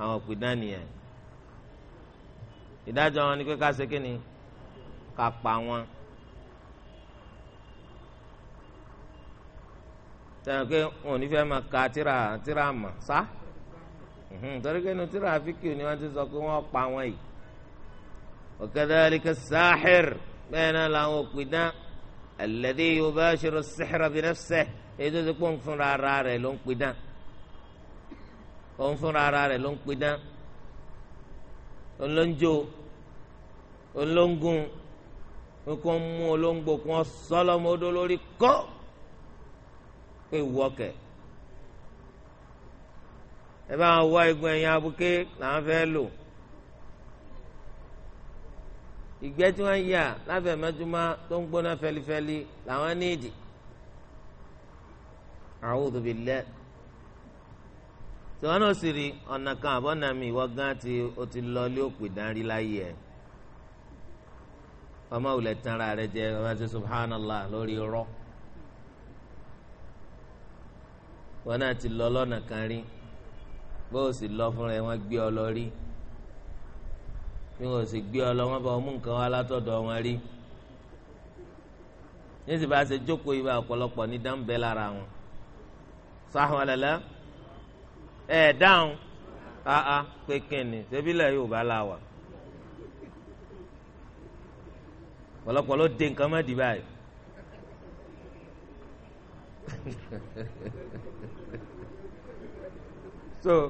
àwọn òpìdán nìyẹn ìdájọ́ wọn ni pé ká ṣe kí ni ká pa wọn. sẹ́yìn pé wọn ò ní fẹ́ máa ka tíra tíra mọ̀ sá torí pé inú tíra fíkì ni wọ́n ti sọ pé wọ́n pa wọn yìí wakadhalika sáhìr bẹ́ẹ̀ náà làwọn òpìdán alladhi yubashiru as-sihra bi nafsihi èyí tó ti pọ̀ ń ara rẹ̀ ló ń pidán ó ń fúnra ara rẹ̀ ló ń pidán olóńjó olóńgùn kó ń mú olóńgbò kó sọ́lọ́mọdó lórí kọ́. ewu ọkẹ ẹ bá wọn wá igun ẹyin abuké làwọn fẹẹ lò ìgbẹ́ tí wọ́n yà lábẹ́ tó ń gbóná fẹlifẹli làwọn níìdì a'udhu billah tiwọn náà sì rí ọ̀nà kan àbọ̀nà mi ìwọ ti o ti lọ ilé òpè dárí láyé ẹ̀ ọmọ òwúlẹ̀ tán rẹ jẹ ọmọ ti subhanallah lórí rọ wọn náà ti lọ lọ́nà kan rí bó o sì lọ fúnra ẹ wọ́n gbé ọ lọ rí bí wọn ò sì gbé ọ lọ wọ́n bá ọmú nǹkan wá látọ̀dọ̀ wọn rí níṣì bá ṣe jókòó ibà ọ̀pọ̀lọpọ̀ ní dáńbẹ́ lára wọn sáwọn lẹ́lẹ́ ẹ̀ dáhùn áá pé kíni ṣébílẹ̀ Yorùbá la wà ọ̀pọ̀lọpọ̀ ló dé nǹkan mọ́ dì báyìí. *laughs* so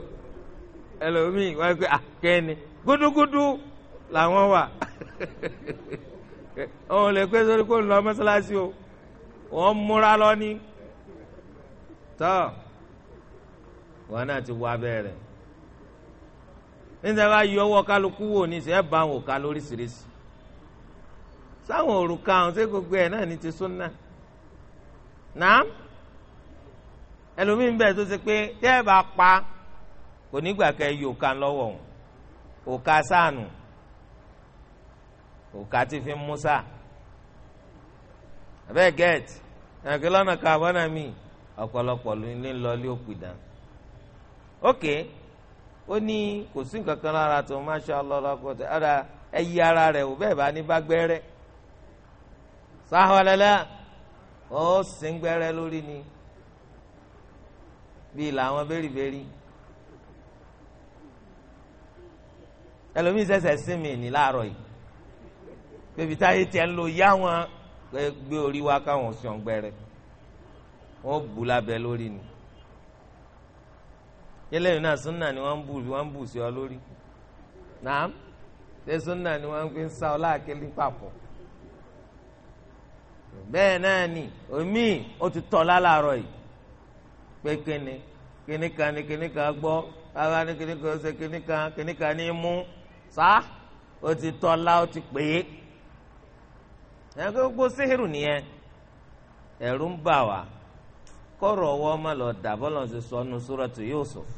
ẹlòmíì wáyé pé gudugudu la làwọn wà òun *laughs* lè pé sórí kó lọ mọ́sálásí o wọ́n múra lọ ní tọ́ wọn náà ti wá bẹ́ẹ̀rẹ̀ níta bá yọ ọwọ́ kálukú wò ní sẹ́ bá wọn ká lóríṣiríṣi sáwọn òrùka àwọn ṣé gbogbo ẹ̀ náà ní ti súnà náà ẹlòmíì ń bẹ̀ tó ṣe pé tẹ́ bá pa. kò nígbà kẹ yí òka lọ́wọ́ òun òka sáànù òka ti fi mú sáà abẹ́ẹ̀ gẹ́ẹ̀tì ẹ̀kẹ́ lọ́nà kan àbọ̀nà mi ọ̀pọ̀lọpọ̀ ní lọ́ọ́lì òpìdán ókè ó ní kò sí nǹkan kan lára tó masha Allah lọ́kọ̀tà ara ẹyí ara rẹ̀ ò bẹ́ẹ̀ bá ní bá gbẹ́rẹ́ sáhọ́lẹ́lẹ́ ó sì ń gbẹ́rẹ́ lórí ni bíi làwọn bẹ́rìbẹ́rì. ẹlòmíì sẹsẹ sinmi ní láàárọ̀ yìí bébí táyé tiẹ̀ ń lò yá wọn gbé orí wa káwọn sàn gbẹrẹ wọn bù lábẹ́ lórí ni yẹlẹyìn náà sunna ni wọn ń bù wọn bù sí ọ lórí naam ṣé sunna ni wọn fi ń sa ọ láàkiri papọ̀ bẹ́ẹ̀ náà ni omi ó ti tọ̀ lálàárọ̀ yìí pé kíni kíníkan ni kíníkan gbọ́ ara ni kíníkan ó ṣe kíníkan kíníkan ní mú Sa, o ti tọ́lá o ti pè é ẹ̀rọ gbogbo síhìrù nìyẹn ẹ̀rù ń bà wá kọ́rọ̀ ọwọ́ ọmọ lọ dà bọ́lọ̀ ṣe sọ ọ́nù suratu Yusuf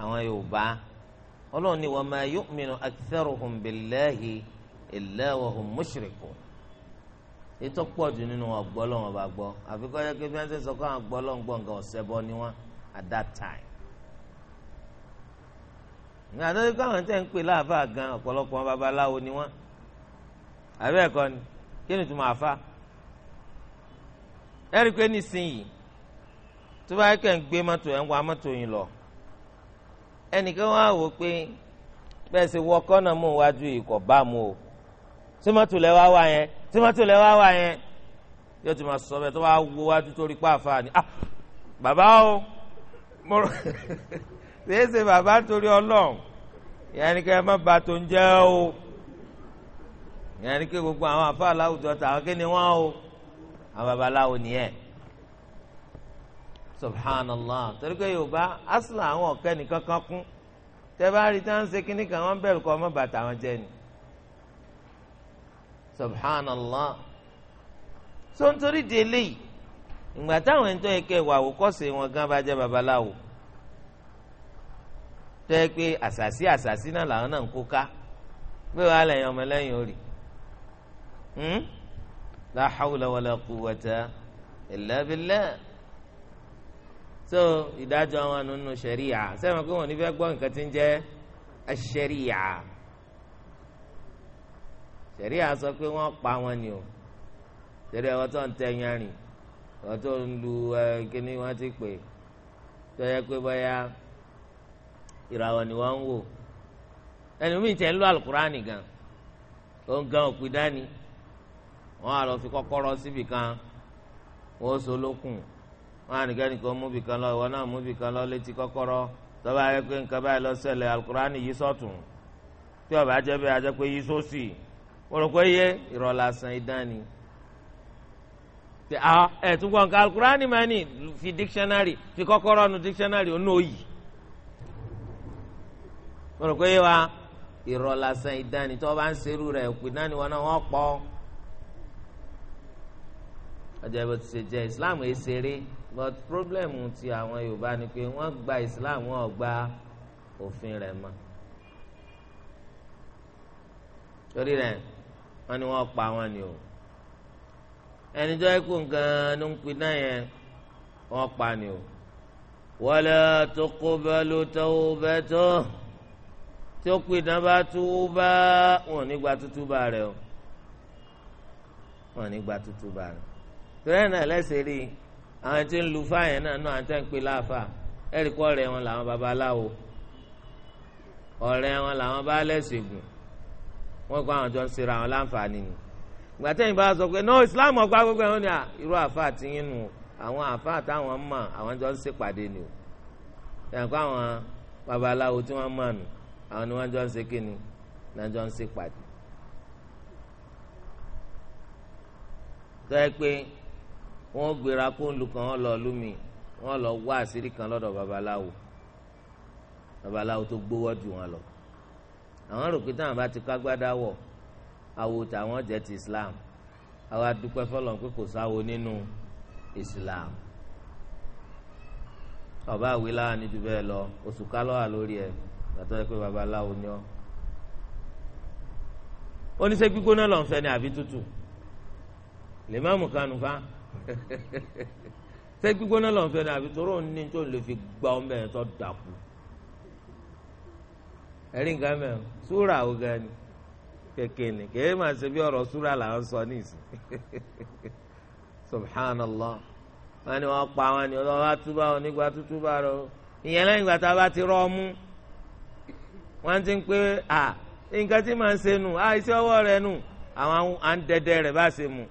àwọn Yorùbá ọlọ́run ni wa ma yu'minu aktharuhum billahi illa wa hum mushrikun ètò pọ̀jù nínú ọgbọ́lọ́wọ́n bá gbọ́ àfikọ́ yẹ kí bí wọ́n ṣe sọ kó àwọn gbọ́lọ́wọ́n gbọ́ nǹkan ọ̀sẹ̀ bọ́ ni at that time àtọ́jú káwọn tẹ̀ ń pè láàfà gan ọ̀pọ̀lọpọ̀ babaláwo ni wọ́n àbẹ́ ẹ̀kọ́ ni kí ni tùmọ̀ àfà ẹ̀rí pé nísìnyí tó bá kẹ́ ń gbé mọ́tò ẹ̀ ń wa mọ́tò yìí lọ ẹnìkan wá wò pé bẹ́ẹ̀ ṣe wọ kọ́nà mọ́ wájú ikọ̀ bá mu o ṣé mọ́tò lẹ́ wá wá yẹn ṣé mọ́tò lẹ́ wá yẹn yóò ti máa sọ bẹ́ẹ̀ tó bá wo wájú tó rí pàfà ni ah bàbá o mo rò. *laughs* ṣeéṣe bàbá torí ọlọ́run ìyẹn ni kí ẹ má ba tó ń jẹ́ o ìyẹn ni kí gbogbo àwọn àfa aláwùjọ tàwọn kí ni wọ́n o àwọn babaláwo nìyẹn subhanallah torí pé yorùbá asùn àwọn ọ̀kẹ́ nìkan kan kún tẹ bá rí táwọn ṣe kínní kan wọ́n bẹ̀rù kọ́ ọmọ bàtà wọn jẹ ni subhanallah so nítorí délé yìí ìgbà táwọn ẹni tó yẹ kẹ́ wà wò kọ́sẹ̀ wọn gan bá jẹ́ babaláwo tó yẹ pé àṣàṣì àṣàṣì náà làwọn náà ń kó ká pé wàá lẹ́yìn ọmọ lẹ́yìn orí hmm? la hawla wala quwwata illa billah so ìdájọ́ wọn nínú ṣẹ̀ríyà sẹ́wọ̀n pé wọ́n ní fẹ́ gbọ́ nǹkan tí ń jẹ́ ṣẹ̀ríyà ṣẹ̀ríyà sọ pé wọ́n pa wọn ni o ṣẹ̀ríyà wọn tó ń tẹ yanrìn wọn tó ń lu eh, kíní wọn ti pè tó pé bọ́yá ìràwọ̀ ni wọ́n ń wò ẹni omi tẹ̀ ń lo alukurani gan ó ń gan òpin dání wọ́n á lọ fi kọ́kọ́rọ́ síbi kan wọ́n so lókun wọ́n á nìkẹ́ni kan mú bìkan lọ ìwọ náà mú bìkan lọ létí kọ́kọ́rọ́ tọ́ba ayé pé nǹkan báyìí lọ ṣẹlẹ̀ alukurani yìí sọ̀tún tí ọba ajẹ́ bẹ́ẹ̀ ajẹ́ pé yìí sósì mo rò yé irọ́ lásán idán ah, ẹ̀ tún gbọ́n ká alukurani máa ní fi dictionary fi kọ́kọ́rọ́ nu dictionary ó ní òyì mo rò pé wa irọ́ lásán ìdánì tó bá ń serú rẹ̀ òpin náà ni wọn náà wọ́n pọ̀ ọjọ́ ìbò ti ṣe jẹ́ Islam ẹ̀ e ṣeré but problem ti àwọn Yorùbá ni pé wọ́n gba Islam wọn gba òfin rẹ̀ mọ́ torí rẹ̀ wọ́n ní wọ́n pa wọn ni o ẹnìjọ́ ikú nǹkan ló ń pin náà yẹn wọ́n pa ni o wala tuqbalu tawbatuhu tí ó pè dán bá tú bá wọn ní gba tútú bá rẹ o wọn ní gba tútú bá rẹ tẹ́lẹ̀ náà lẹ́sẹ̀ rí àwọn tí ń lu fáyẹn náà náà àti ń pè láàfà ẹ̀ríkọ́ ọ̀rẹ́ wọn làwọn babaláwo ọ̀rẹ́ wọn làwọn bá lẹ́sẹ̀gùn wọn kọ́ àwọn jọ ń ṣera àwọn láǹfààní ni gbàtẹ́yìn bá sọ pé no Islam ọgbà gbogbo ẹ̀hún ni irú àfa àtìyín nù àwọn àfa àtàwọn mọ̀ àwọn jọ ń ṣèpàdé ni o ẹ̀kọ́ àwọn babaláwo tí wọ́n mọ̀ nù àwọn ni wọ́n jọ ń ṣe kíni náà jọ ń ṣe pàdé. sọ́yẹ́ pé wọ́n gbéra kó ń lu kan wọ́n lọ lómi wọ́n lọ wá àṣírí kan lọ́dọ̀ babaláwo babaláwo tó gbówó jù wọn lọ àwọn rò pé táwọn bá ti kó agbádá wọ̀ tàwọn jẹ́ ti Islam àwa dúpẹ́ fọlọ́n pé kò sáwo nínú Islam ọba àwílá ni jù bẹ́ẹ̀ lọ oṣù kálọ́ wà lórí ẹ̀ gbàtọ́ pé babaláwo ni ọ́ oníṣẹ́ gbígbóná lọ́n fẹ́ ni àbí tútù lè má mú kanu fa *laughs* ṣé gbígbóná lọ́n fẹ́ ni àbí tó rọ̀ ní tó lè fi gbà ọ́ mẹ́rin tó dàkú ẹ̀rí nǹkan mẹ́rin súrà ọ̀gá ni kékeré ni kéé máa ṣe bí ọ̀rọ̀ súrà là ń sọ ní *laughs* subhanallah wọn ni wọn pa wọn ni wọn bá túbà wọn nígbà tútù bá rọ ìyẹn lẹ́yìn ìgbà tá a bá ti rọ́ ọ mú wọ́n ti ń pé à nǹkan tí màá ń ṣe nù à iṣẹ́ ọwọ́ rẹ nù àwọn à ń bá ṣe mu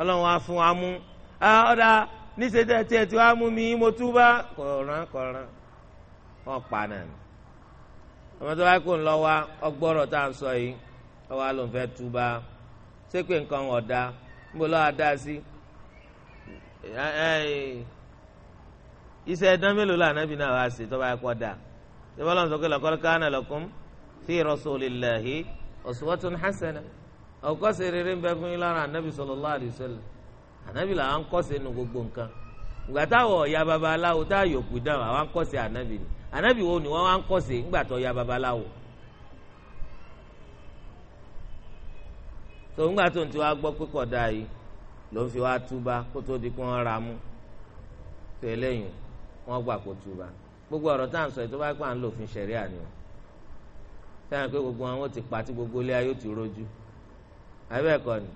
ọlọ́run á fún wa mú à ọ̀dà níṣẹ́ tẹ̀ tiẹ̀ tí wàá mú mi mo tú bá kọ̀ọ̀ràn kọ̀ọ̀ràn wọ́n pa náà ni ọmọ tó bá kó ń lọ wa ọgbọ́rọ̀ tá à ń sọ yìí ọwọ́ àlọ́ fẹ́ tú bá ṣé pé nǹkan ọ̀dà ń bọ́ lọ́wọ́ adá sí iṣẹ́ ẹ̀dán mélòó lànà bí náà wá sí tó bá kọ́ dáa sọ́kọ́lá sọ́kọ́ laqad kana lakum fi rasulillahi uswatun hasana ọ̀kọ́sẹ̀ rere ń bẹ fún yín lára anabi sallallahu alayhi wa sallam anabi là ń kọ́sẹ̀ nu gbogbo nǹkan ìgbà táwọn ọ̀ya babaláwo tá àyòkù dáhùn àwọn anabi ni anabi wo ni wọ́n wá ń kọ́sẹ̀ ńgbà tó ya babaláwo. tó ńgbà tó ń ti ló ń fi wá túbá kó di kó ń ra mú tó eléyìí wọ́n gbà kó túbá gbogbo ọ̀rọ̀ tá à ń sọ yìí tó bá pà ń lò fún ṣẹ̀ríà ni o sẹ́yìn pé gbogbo àwọn ti pa tí gbogbo ilé ayé ti rojú abẹ́ẹ̀kọ́ ni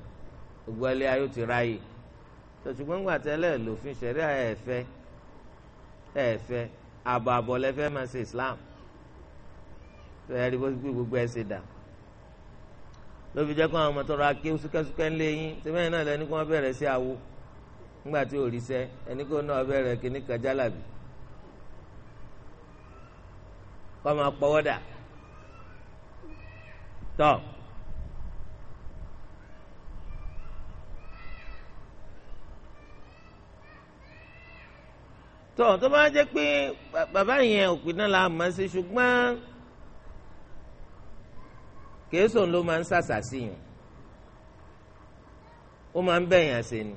gbogbo ilé ayé ti ráyè tòṣùgbọ́n gbà tẹ́lẹ̀ lòfin ṣẹ̀ríà ẹ̀fẹ́ ẹ̀fẹ́ àbọ̀ àbọ̀ lẹ́fẹ́ máa ṣe Islam ẹ̀rí bó gbé gbogbo ẹ̀ ṣe dà ló fi jẹ́ kó àwọn ọmọ tọrọ aké súkẹ́súkẹ́ ńlẹ̀ yín sẹ́mẹ́yìn náà lẹ́ni kó wọ́n bẹ̀rẹ̀ sí àwo ńgbà tí ò rí sẹ́ ẹni kó náà bẹ̀rẹ̀ kíní kajálàbí kọ́ máa pọ́wọ́ dà tọ́. tọ́ tó bá jẹ́ pé bàbá yẹn òpin náà la mọ̀ sí ṣùgbọ́n kèésò ló máa ń ṣàṣà sí yẹn ó máa ń bẹ̀yàn ṣe ni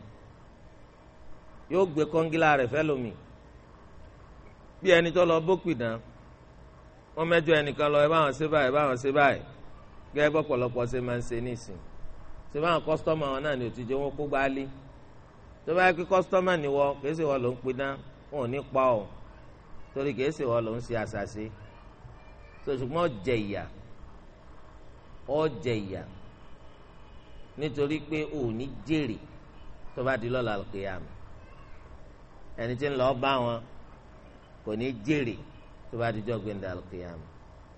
yóò gbé kọ́ngílá rẹ̀ fẹ́ lómi bí ẹni tó lọ bópin náà wọ́n mẹ́jọ ẹnìkan lọ ẹ báwọn ṣe báyìí ẹ báwọn ṣe báyìí gẹ́gẹ́ bọ́pọ̀lọpọ̀ ṣe máa ń ṣe nísìn ṣe báwọn kọ́sítọ́mù àwọn náà ni ò ti jẹ́ wọ́n kó gbálí tó bá yẹ kí kọ́sítọ́mù ni wọ kìí ṣe wọ́n ló ń pidán wọn ò ní pa ọ́ torí kìí ṣe wọ́n ló ń ṣe àṣàṣe ṣùgbọ́n ó ìyà ó ìyà nítorí pé ò ní jèrè tó bá di lọ́la kìyàmù ẹni tí ń lọ bá wọn kò ní jèrè tó bá dijọ́ gbẹ̀ndà alqiyam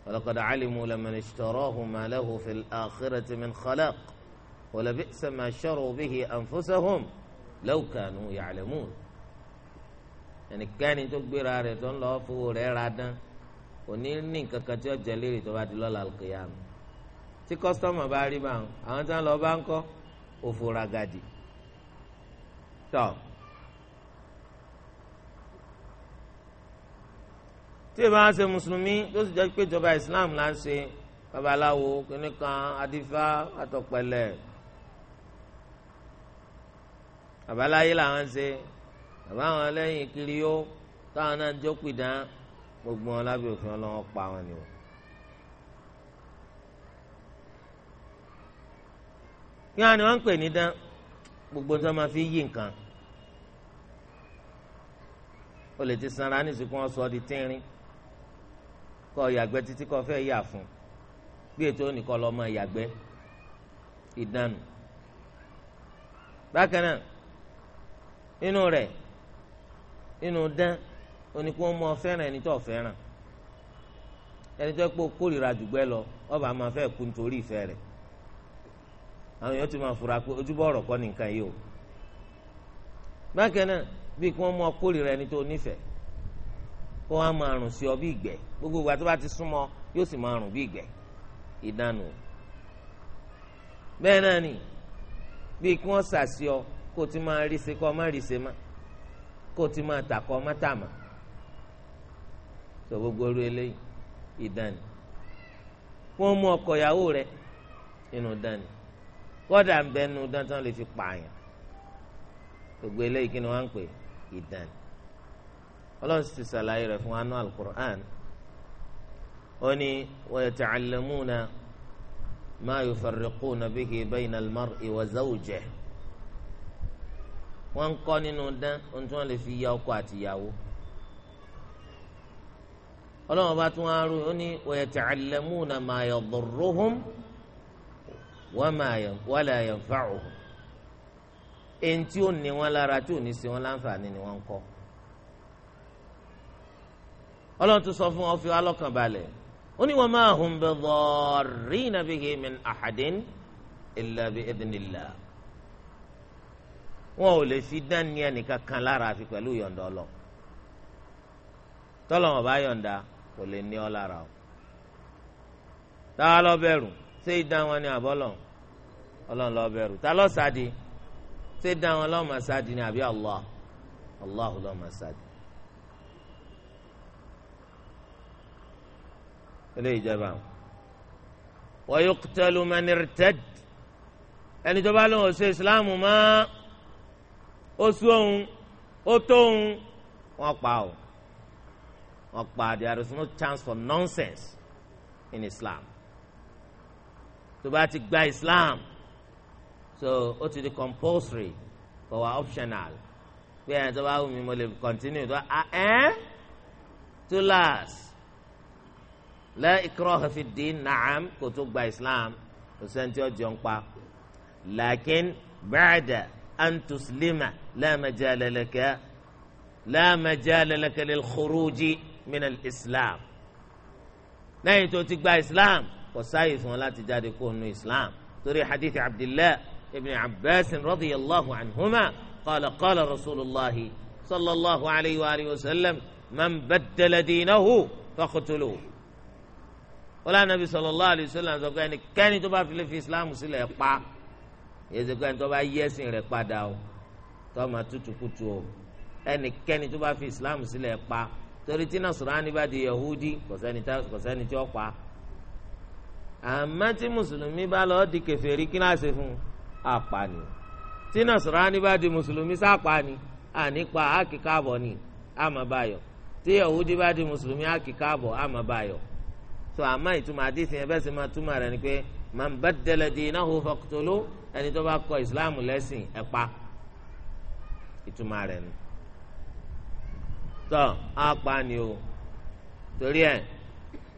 walaqad alimu laman ishtarahu ma lahu fil akhirati min khalaq walabi'sa ma sharu bihi anfusahum law kanu ya'lamun ẹnikẹ́ni tó gbéra rẹ̀ tó ń lọ fowó rẹ̀ ra dán òní ní nǹkan kan tí ó jẹ tó bá di lọ́la alqiyam tí kọ́sítọ́mù bá rí báwọn àwọn tí wọ́n lọ bá ń kọ́ òfò ragadi tí ìbá ń ṣe mùsùlùmí tó sì jẹ́ pé ìjọba islam là ń ṣe babaláwo kìnìkan adífá àtọ̀pẹ̀lẹ̀ babaláyé làwọn ṣe bàbá àwọn lẹ́yìn kiri yó táwọn náà jó pìdán gbogbo wọn lábẹ́ òfin ọlọ́wọ́ pa wọn ni o. kí wọn ni wọn ń pè ní dán gbogbo tí wọn máa fi yí nǹkan o lè ti sanra ní ìsìnkú wọn sọ ọ di tínrín. kọ yàgbẹ́ títí kọ́ fẹ́ yà fún bí ètò oníkọ́ lọ́ mọ yàgbẹ́ ìdánù. bákan náà inú rẹ̀ inú dán oníkó mọ fẹ́ràn ẹni tó fẹ́ràn ẹni tó kórìíra lọ ọba máa fẹ kú nítorí àwọn èèyàn ti máa fura pé ojúbọ ọ̀rọ̀ kọ́ nìkan yìí o bákan náà bí mọ kórìíra kó wá máa rùn sí ọ bí ìgbẹ́ gbogbo ìgbà tó bá ti súnmọ́ yóò sì máa rùn bí ìgbẹ́ ìdánù bẹ́ẹ̀ náà ni bí kí wọ́n sàṣì ọ kó o ti máa rí ṣe kó o má rí ṣe má kó o ti máa tà kó má tà má sọ gbogbo orí eléyìí ìdánù wọ́n mú ọkọ ìyàwó rẹ nínú dání kódà ń bẹ nu dantan lè fi pààyàn gbogbo eléyìí kí ni wọ́n ń pè ìdánù ọlọ́run sì ti ṣàlàyé rẹ̀ fún anú alukur'an ó ní wa yata'allamuna ma yufarriquna bihi bayna al-mar'i wa zawjihi wọ́n ń kọ́ nínú dán ohun tí wọ́n lè fi ya ọkọ àtìyàwó ọlọ́run bá tún arú ó ní wa yata'allamuna ma yadurruhum wa la yanfa'uhum èyí tí ó ní wọn lára tí ò ní sí wọn láǹfààní ni wọ́n kọ́ ọlọ́run tó sọ fún wọn fi wá lọ́kàn balẹ̀ ó ní wọn máa hùn bẹ dọ́ọ̀rì nàbíyí min àhàdín illa bi idhnillah wọn ò lè fi dání ẹnìkan kan lára àfi pẹ̀lú yọ̀ǹda ọlọ tọ́lọ̀ wọn bá yọ̀ǹda kò lè ní ọ lára o tá a lọ bẹ̀rù ṣé ìdán wọn ni àbọ̀lọ̀ ọlọ́run lọ bẹ̀rù tá a lọ sáde ṣé ìdán wọn lọ́ọ́ sáde ni àbí Allah Allah lọ́ọ́ sáde ilé ìjọba wa yuqtalu man irtad ẹni tó bá lóun ṣe ìsìláàmù mọ́ ó sú òun ó tó òun wọ́n pa ọ́ wọ́n pa there is no chance for nonsense in Islam tó bá ti gba Islam so ó ti di compulsory kò wá optional pé ẹni tó bá wù mí mo lè continue tó ẹ ah, eh? tó last la ikraha fi ddin na'am kò gba islam kò sẹ́ni tí ó jẹun pa lakin ba'da an tuslima la majala laka la lil khuruji min al islam lẹ́yìn tó ti gba islam kò sáàyè fún ọ láti jáde kó nu islam torí hadithi abdillah ibn abbas radiyallahu anhuma qala qala rasulillah sallallahu alayhi wa sallam man baddala diinahu fa faqtuluhu. wọ́lá nàbí sallallahu alaihi wasallam sọ pé ẹnikẹ́ni tó bá fi lè fi islam sílẹ̀ pa yéésì pé ẹni tó bá yí ẹ̀sìn rẹ̀ padà o tó máa tutù kutù o ẹnikẹ́ni tó bá fi islam sílẹ̀ pa torí tí nasarani bá di yahudi kò sẹ́ni tí ó pa àmọ́ tí mùsùlùmí bá lọ́ọ́ di kèfèrí kí fún un àpàní tí bá di mùsùlùmí sápàní ànípa àkìkáàbọ̀ ni àmàbáyọ̀ tí yahudi bá di mùsùlùmí àkìkáàbọ̀ àmàbáyọ̀ so àmọ́ ìtumọ̀ àdìsí yẹn bẹ́ẹ̀ sì máa túmọ̀ rẹ̀ ni pé man baddala dinahu faqtulu ẹni tó bá kọ islam lẹ́sìn ẹ pa ìtumọ̀ rẹ̀ ni tọ́ á pa ni o torí ẹ̀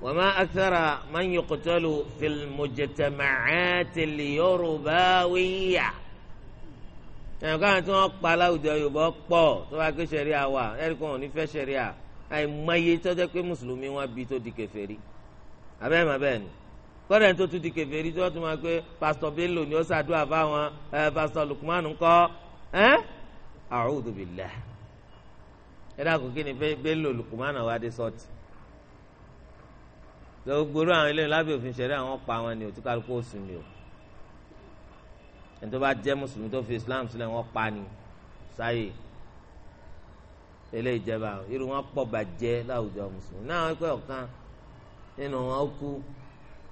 wa ma akthara man yuqtalu fil mujtama'ati al-yorubawiyya ẹ̀yìn káwọn tí wọ́n pa láwùjọ yorùbá pọ̀ tó bá gbé sẹ̀ríà wà ẹ̀rí ò ní fẹ́ sẹ̀ríà àìmọye tó pé mùsùlùmí wọn bí tó di kèfèrí abẹ́rẹ́ mọ́ bẹ́ẹ̀ ni kọ́dà ní tó tún di kèfèrí tí wọ́n tún máa pé pásítọ̀ Bello ni ó ṣàdúrà fáwọn pásítọ̀ Lukman ńkọ́ ẹ́n a'udhu billah ẹ dàkú kí ni Bello Lukman wà dé sọ́ọ̀tì gbogbo àwọn eléyìí lábẹ́ òfin ṣẹ̀rí àwọn pa wọn ni òtí kálukú oṣù ni o ẹni tó bá jẹ́ mùsùlùmí tó fi Islam sílẹ̀ wọ́n pa ni sáyè eléyìí jẹba irú wọn pọ̀ bàjẹ́ láwùjọ mùsùlùmí náà wọ́n pẹ́ ọ̀kan nínú ọkụ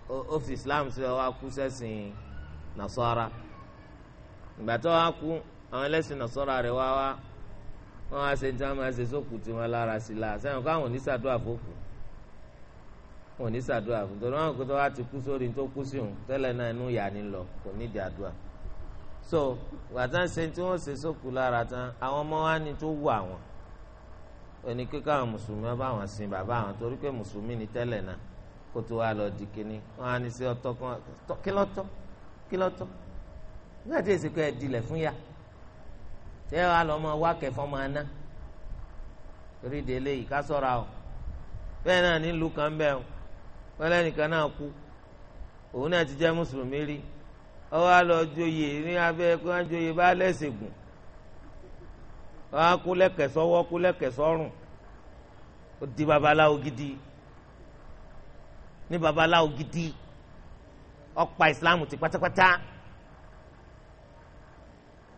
ó kú ó fi wá kú sẹ́sìn nasara ìgbà tó wá kú àwọn ẹlẹ́sìn nasara rẹ̀ wá wá wọ́n ṣe ní tí wọ́n máa ṣe la sẹ́yìn ò ní wọn ò ní torí wọn kò tó wá ti kú sórí tó kú sí òun tẹ́lẹ̀ lọ kò ní so ṣe tí wọn ṣe sókù lára tán àwọn ọmọ wa ni tó wù àwọn òní kíkọ àwọn mùsùlùmí bá wọn sin bàbá àwọn torí pé mùsùlùmí kó tó wá lọ di kínní wọn á ní sí ọ̀tọ̀ kan kí lọ́tọ̀ kí lọ́tọ̀ nígbà tí èsì kọ ẹ dilẹ̀ fún yá tẹ ẹ wà lọmọ wá kẹfọ máa ná torí délé yìí ká ṣọ́ra o bẹ́ẹ̀ náà nílùú kan bẹ́ẹ̀ o wọn lẹ́nìkan náà kú òun náà ti jẹ́ mùsùlùmí rí ọwọ́ àlọ́ joyè ní abẹ́ kí wọ́n joyè bá lẹ́sẹ̀gùn wọ́n á kú lẹ́kẹ̀ẹ́ sọ́wọ́ kú lẹ́kẹ̀ẹ́ sọ́rùn ó di babaláwo gidi ní babaláwo gidi ọ̀pá ìsìláàmù ti pátápátá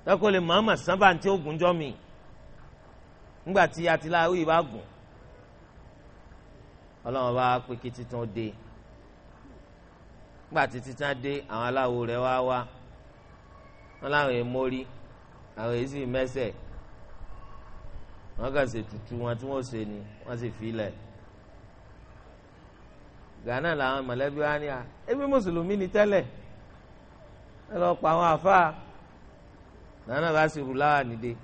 tọ́kọ̀ lè Muhammad sábà tí ó gùn jọ mi ńgbà tí atiláwo yìí bá gùn ọlọ́run bá pé kí títún dé ńgbà tí títún dé àwọn aláwo rẹ̀ wá wá wọn láwọn èèyàn àwọn èyí sì mẹ́sẹ̀ wọn kàn ṣètùtù wọn tí wọ́n ṣe ni wọ́n sì fi ilẹ̀. Ghana làwọn mọ̀lẹ́bí wa ní à ebi mùsùlùmí ni tẹ́lẹ̀ ẹ lọ pa àwọn àfáà Ghana bá sì rú láwà nídìí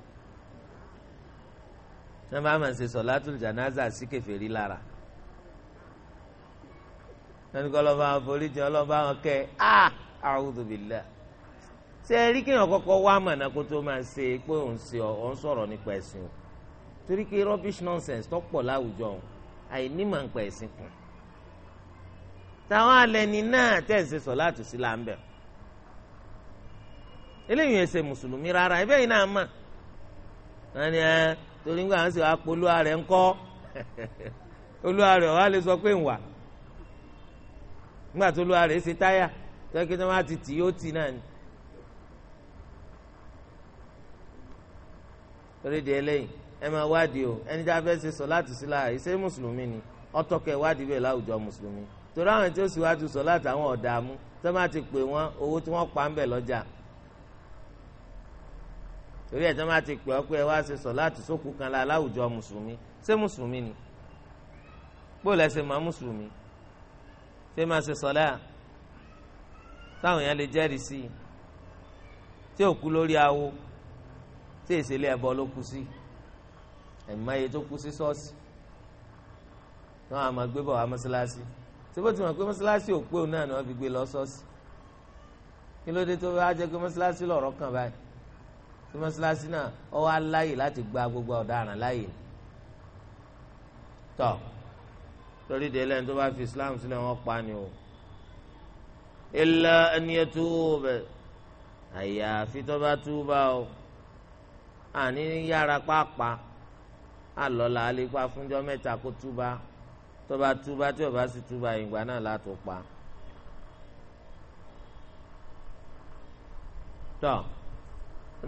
ní bá máa ń ṣe sọ̀látùl jànáza sí kèfèrí lára ẹni kọ́ lọ́ba àwọn foríjì ọlọ́ba àwọn kẹ́ ẹ́ a'udhu billah ṣe é rí kéèyàn kọ́kọ́ wá mànà kó tó máa ṣe pé òun ṣe ọ̀ ń sọ̀rọ̀ nípa ẹ̀sìn o torí pé rubbish nonsense tó pọ̀ láwùjọ àìnímọ̀ nípa ẹ̀sìn kù. táwọn alẹ́ni náà tẹ̀sí sọ láti sí láńbẹ̀ eléyìí ẹsẹ̀ mùsùlùmí rárá ẹbẹ́ yìí náà mà wọ́n ní ẹ torí ń gbà wọ́n sì wá *laughs* sọ pé ń wà nígbà tó olúwa rẹ̀ ṣe táyà tọ́kí tí ti tì yóò tì di eléyìí ẹ máa wádìí o ẹni sọ láti sílá ìṣe mùsùlùmí ni wádìí bẹ́ẹ̀ láwùjọ mùsùlùmí. torí àwọn tí ó síwájú sọ láti àwọn ọ̀dààmú tó má ti pè wọ́n owó tí wọ́n pa ń bẹ̀ lọ́jà torí ẹ̀ tó má ti pè ọ́ pé ẹ wá ṣe sọ láti sókù kan la láwùjọ mùsùlùmí ṣé mùsùlùmí ni bóòlù ẹsẹ̀ máa mùsùlùmí ṣé máa ṣe sọlá táwọn èèyàn lè jẹ́rìí sí i tí ò kú lórí awo tí èsèlè ẹ̀bọ ló kú sí ẹ̀mí máa yẹ tó kú sí ṣọ́ọ̀ṣì náà àmọ́ gbé wá mọ́ṣáláṣí síbò tí wọn pé mọ́sálásí òpó náà ni wọ́n fi gbé lọ sọ́ọ̀sì kí ló dé tó bá jẹ́ pé mọ́sálásí lọ̀rọ̀ kàn báyìí tí mọ́sálásí náà ọ wá láàyè láti gba gbogbo ọ̀daràn láàyè tọ́ lórí délé ẹni tó bá fi Islam sílẹ̀ wọ́n pa ni o ilẹ̀ ẹni ẹtú bẹ̀ àyàfi tó bá tú bá o àní yára pàápàá àlọ́lá alẹ́ pa fúnjọ́ mẹ́ta kó tú bá o tó bá túbá tí ó bá sì túbá ìgbà náà látò pa. tọ́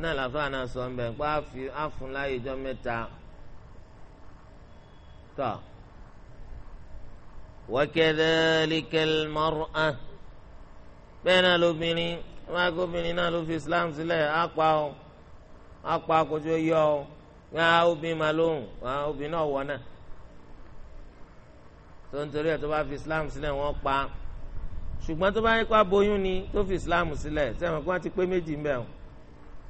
náà làfáà náà sọ ń bẹ̀ pé àfúnláyé ijọ́ mẹ́ta tọ́ wakadhalika almar'a bẹ́ẹ̀ náà lóbìnrin wọ́n á gómìnrin náà ló fi Islam sílẹ̀ á pa ọ́ á pa kó yọ ọ́ wọ́n á obìnrin máa lóhùn á obìnrin náà wọ̀ náà tó ń torí ẹ̀ tó bá fi islam sílẹ̀ wọ́n pa ṣùgbọ́n tó bá yẹ kó aboyún ni tó fi islam sílẹ̀ sẹ́wọ̀n kó wọ́n ti pé méjì ń bẹ̀ wọ́n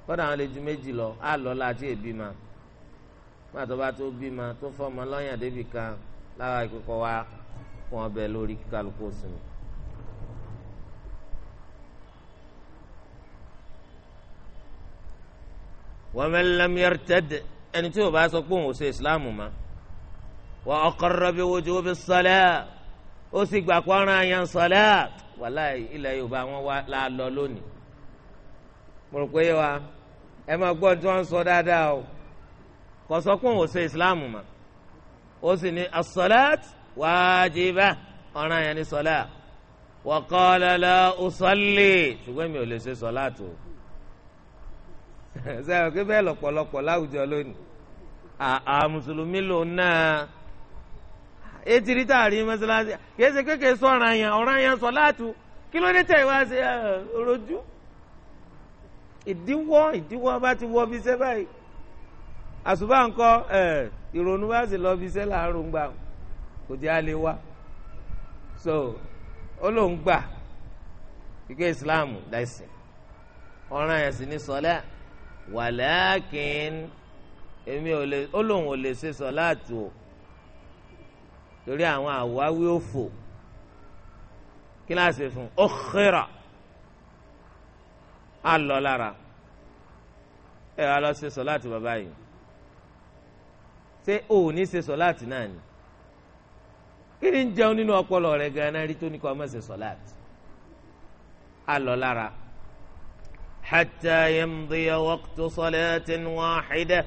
kọ́dà àwọn lè ju méjì lọ á lọ láti èbí ma má tó bá tó bí ma tó fọmọ lọ́yàn débì kan lára ìkókó wa kó wọn lórí kálukú sinmi. wa man lam ẹni tí o bá sọ pé òun ò ṣe islam mọ́ wa aqarra bi wujubi salat ó sì gbà kọ́ran àyàn salat wàláì ilẹ̀ yorùbá wọn wá la lọ lónìí mo rò pé yẹ wa ẹ máa gbọ́ tí wọ́n ń sọ dáadáa o kò sọ pé òun ò ṣe ìsìláàmù mọ́ ó sì ní as-salat wajibah ọ̀ràn àyàn ní salat wa qala la usalli ṣùgbọ́n mi ò lè ṣe salat tó ṣe àwọn kí bẹ́ẹ̀ lọ́pọ̀lọpọ̀ láwùjọ lónìí àà mùsùlùmí lòun náà etí rí tààrí mọ́sálásí kìí ṣe kékeré sọ ọ̀ràn yẹn ọ̀ràn yẹn sọ láàtú kí ló dé tẹ̀ wá ṣe rojú ìdíwọ́ ìdíwọ́ bá ti wọ́ bí iṣẹ́ báyìí àṣùbà ńkọ́ ìrònú bá sì lọ bí iṣẹ́ láàárọ̀ ńgbà kò jẹ́ àlè wá so ó lóun gbà kíkẹ́ Islam lẹ́sìn ọ̀ràn yẹn sì ní sọlẹ́ wàlẹ́kìn èmi ò lè ó lóun ò lè ṣe sọ láàtú o torí àwọn àwáwí òfò kíláàsì fún ọ̀xẹ́rà á lọ lára ẹ wá lọ ṣe sọláàtì bàbá yìí ṣé o ò ní ṣe sọláàtì náà ni kí ni ń jẹun nínú ọpọlọ rẹ ganan rí tó ní kó ọmọ ṣe sọláàtì á lọ lára hatta yamdiya waqtu salatin wahida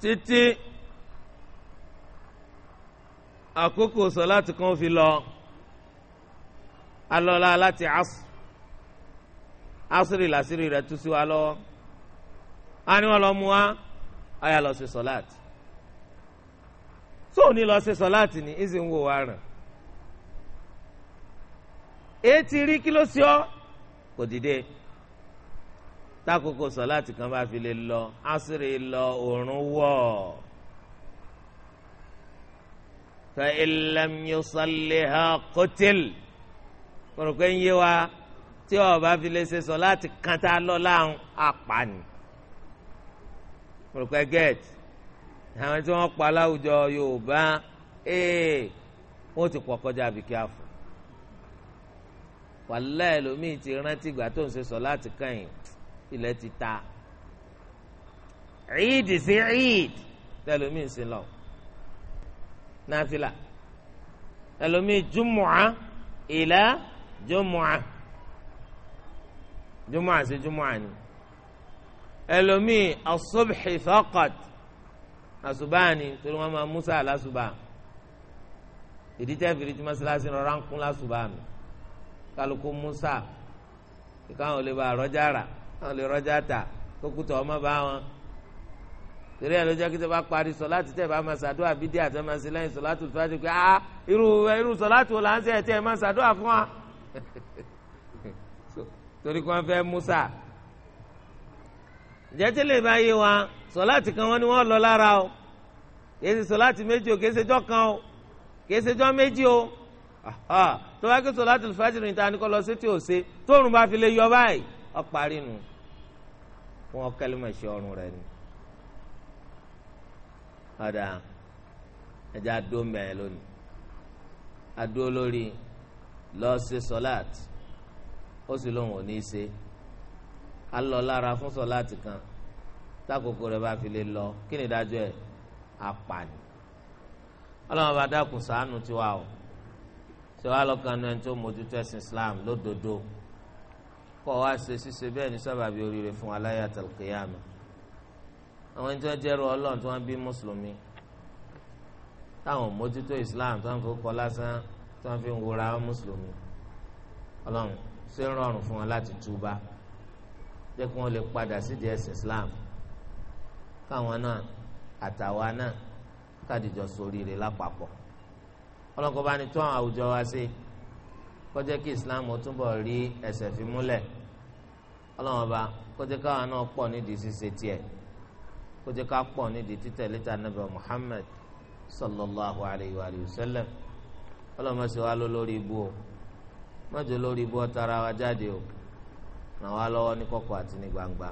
títí àkókò sọláàtì kan fi lọ alọ́lá láti asù asùrì làsìrì rẹ̀ tú sí wa lọ́wọ́ a ní wọn lọ mú wa àyà lọ sí sọláàtì tó ní lọ sí sọláàtì ní ìsì ń wò wá rẹ̀ ètí rí kí ló sí ọ kò dìde tákòókò sọláàtì kan bá fi lè lọ asùrì lọ òórùn wọ̀ فإن لم يصلها قتل kọ̀rọ̀kọ́ ń yé wa tí ọba fi lè ṣe sọ láti kàn tá a lọ láàrún apani kọ̀rọ̀kọ́ get àwọn tí wọ́n pa láwùjọ Yorùbá ee eh, wọ́n ti pọ̀ kọjá àbíkí àfọ̀ wàlá ẹlòmíì ti rántí ìgbà tó ń ṣe sọ láti kàn yín ilẹ̀ ti ta ìdì sí ìdì lẹ́lòmíì ń sin lọ́wọ́ náfìlà ẹlòmíì jùmùà ìlà jùmùà jùmùà sí jùmùà ni ẹlòmíì asubḥi faqat àṣùbáàni torí wọn máa musa àlásùbà ìdí tẹ́ fìrí tí mọ́sálásí rọra ń kún lásùbáàmì kálukú musa kíkọ́ àwọn olè bá rọ́jà rà àwọn olè rọ́jà tà kókútọ̀ ọmọ bá wọn torí ẹ lọ́jọ́ kíkẹ́ bá parí sọ láti tẹ̀ bá máa ṣàdúrà bídí àti máa ṣe lẹ́yìn sọ láti tó láti pé ah irú irú sọ láti wò là ń ṣe ẹ̀tẹ̀ máa ṣàdúrà fún wa *laughs* torí kí wọ́n fẹ́ musa ìjẹ́tí lè bá yé wa sọ láti kan wọ́n ni wọ́n lọ lára o kìí ṣe sọ láti méjì o kìí ṣe jọ́ kan o kìí ṣe jọ́ méjì o tó bá kí sọ láti fàjìrì níta ni kò lọ sí tí ò ṣe tóorùn bá fi lè yọ báyìí ọ parí nu wọn kẹlẹ́ ọrùn rẹ ni ọ̀dà ẹja adó mẹ́rin lónìí adó lórí lọ́ọ́ ṣe sọ́láàt ó sì lóun ò ní í ṣe á lọ lára fún sọ́láàt kan tákòókò rẹ̀ bá fi lè lọ kí ni ìdájọ́ ẹ̀ apànì ọlọ́run bá dákun ṣàánú tiwa o ṣe wá lọ́kàn náà tó mójútó ẹ̀sìn Islam lódodo kọ́ wa ṣe ṣíṣe bẹ́ẹ̀ ní sábàbí oríire fún aláyàtọ̀ kìyàmù àwọn ẹni tí wọ́n jẹ́rú ọlọ́run tí wọ́n bí mùsùlùmí táwọn mójútó islam tí wọ́n fi kọ́ lásán tí wọ́n fi ń wura mùsùlùmí ọlọ́run ṣé ń rọrùn fún wọn láti túbá jẹ́ kí wọ́n lè padà sídìí ẹ̀sìn islam káwọn náà àtàwa náà kádìjọ ṣoríire lápapọ̀ ọlọ́kọ̀ bá ní tó àwọn àwùjọ wa sí kó kí islam túbọ̀ rí ẹsẹ̀ fi múlẹ̀ ọlọ́wọ́n bá kó jẹ́ káwọn náà pọ̀ nídìí ṣíṣe tiẹ̀ kó jẹ́ ká pọ̀ nídìí títẹ̀lé ta nàbẹ̀ Muhammad sallallahu alayhi wa sallam ọlọ́mọ sì wá lọ lórí ibú o mọ́jọ lórí ibú ọ̀tara wa jáde o ràn wá lọ́wọ́ ní kọ̀kọ̀ àti ní gbangba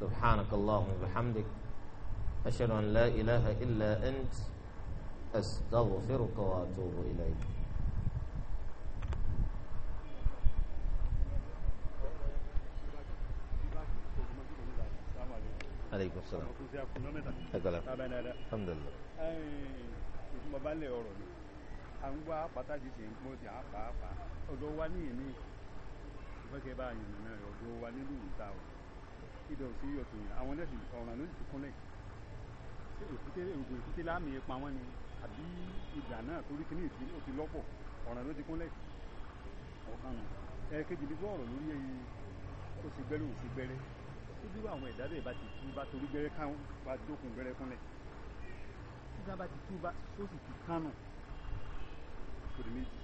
subhanakallahumma wa bihamdik ashhadu an la ilaha illa ant astaghfiruka wa atubu ilayk. aleykum salaam. ẹgbẹ́la alhamdulilah. ìtumọ̀ bá lè ọ̀rọ̀ ni à ń gbọ́ pàtàkì ṣe ń pọ́n ti àpàápà ọ̀dọ̀ wa ní ìní ìfẹ́kẹ́ bá yìnyín náà rẹ̀ ọ̀dọ̀ wa nílùú ìta ọ̀ ìdọ̀ sí ọ̀tọ̀ yìí àwọn ẹlẹ́sìn ọ̀ràn ló ti kúnlẹ̀ èkúté ògùn èkúté láàmì ipa wọn ni àbí ìgbà náà torí kíní ìsìn ó ti lọ́pọ̀ síbí àwọn ẹ̀dá bẹ́ẹ̀ bá ti tú bá torí gbẹ́rẹ́ káwọn bá dókun gbẹ́rẹ́ kúnlẹ̀ síbí bá ti tú bá sóòsì ti kánù torí méjì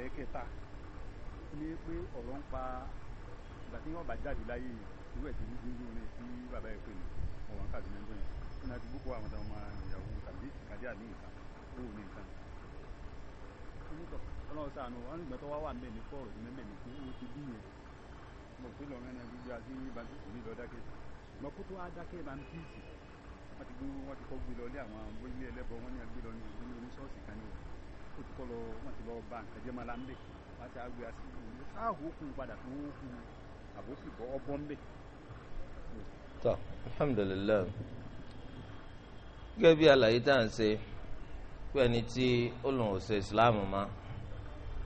ẹ̀ẹ́kẹta ní pé ọ̀rọ̀ ń pa ìgbà tí wọ́n bá jáde láyé irú ẹ̀ tí wọ́n ti ń yún ní sí bàbá ẹ̀ pé ní ọ̀wọ́ ń kàdúnà ń dọ̀yìn ní àti gbogbo àwọn ọmọ ìyàwó tàbí kàdé àmì nǹkan ó ní nǹkan onítọ̀ ọlọ́run ṣàánú wọn nígbà tó wá wà mẹ́ni fọ́ọ̀rọ̀ mẹ́mẹ́ni pé ó ti bí yẹn mo fi lọ rẹ́nà gbígbé àti ìbájú kò ní lọ dákẹ́ ṣùgbọ́n kó tó á dákẹ́ bá ń píìsì wọ́n ti gbé wọ́n ti kọ́ gbé lọ lé àwọn ilé ẹlẹ́bọ wọ́n ní agbé lọ ní ìlú oníṣọ́ọ̀sì kan ní o ti kọ́ lọ wọ́n ti lọ ba nǹkan jẹ́ máa láńbẹ̀ wọ́n ti àgbé àti ìlú sáàhó kún padà tó ń kú àbòsí bọ́ ọ bọ́ ń bẹ̀. tọ́ alhamdulilayi gẹ́gẹ́ bí àlàyé tá à ń ṣe pé ẹni tí ó lòun ò ṣe ìsìláàmù mọ́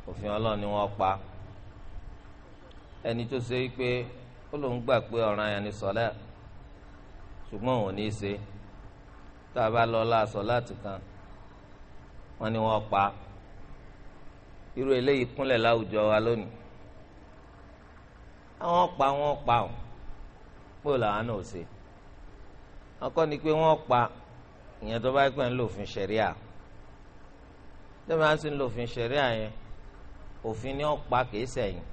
òfin ọlọ́run ni wọ́n pa á ẹni tó ṣe pé ó lóun gbà pé ọ̀ranyàn ni sọ̀lá ṣùgbọ́n òun ní í ṣe tá a bá lọ la sọ̀lá ti kan wọ́n ní wọ́n pa irú eléyìí kúnlẹ̀ láwùjọ wa lónìí àwọn pa wọ́n pa ọ́ pé làwọn náà ṣe ọkọ ni pé wọ́n pa ìyẹn tó bá pẹ́ ń lòfin ṣẹ̀ríà tó bá ń sin lòfin ṣẹ̀ríà yẹn òfin ni wọ́n pa kìí sẹ̀yìn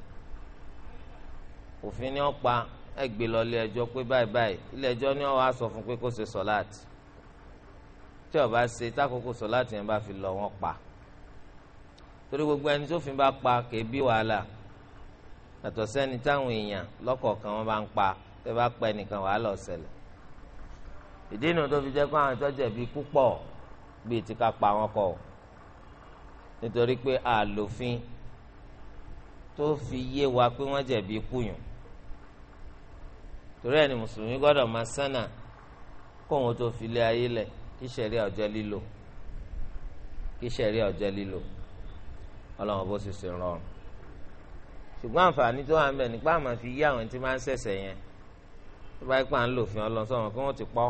òfin ni ó pa ẹ gbé lọ ilé ẹjọ́ pé báyìí báyìí ilé ẹjọ́ ni ó wá sọ fún pé kó ṣe sọláàtì tí ó bá ṣe tákòókò sọláàtì yẹn bá fi lọ wọ́n pa torí gbogbo ẹni tó fi bá pa kì í bí wàhálà yàtọ̀ sẹ́ni táwọn èèyàn lọ́kọ̀ọ̀kan wọn bá ń pa tẹ́ bá pa ẹnìkan wàhálà ọ̀sẹ̀lẹ̀ ìdí inú tó fi jẹ́ kó àwọn tó jẹ̀bi púpọ̀ bíi ti ká pa wọn kọ́ nítorí pé àlòfin tó fi yé wa pé wọ́n jẹ̀bi kúyùn torí ẹni mùsùlùmí gbọ́dọ̀ máa sánà kóhun tó filé ayé lẹ̀ kí sẹ̀rí ọjọ́ lílo kí sẹ̀rí ọjọ́ lílo ọlọ́run bó ṣe ṣe rọrùn ṣùgbọ́n àǹfààní tó wà ń bẹ̀ nípa àmọ́ fi yí àwọn tí máa ń ṣẹ̀ṣẹ̀ yẹn tó bá yípa ń lòfin ọlọ́sọ̀rọ̀ kí wọ́n ti pọ́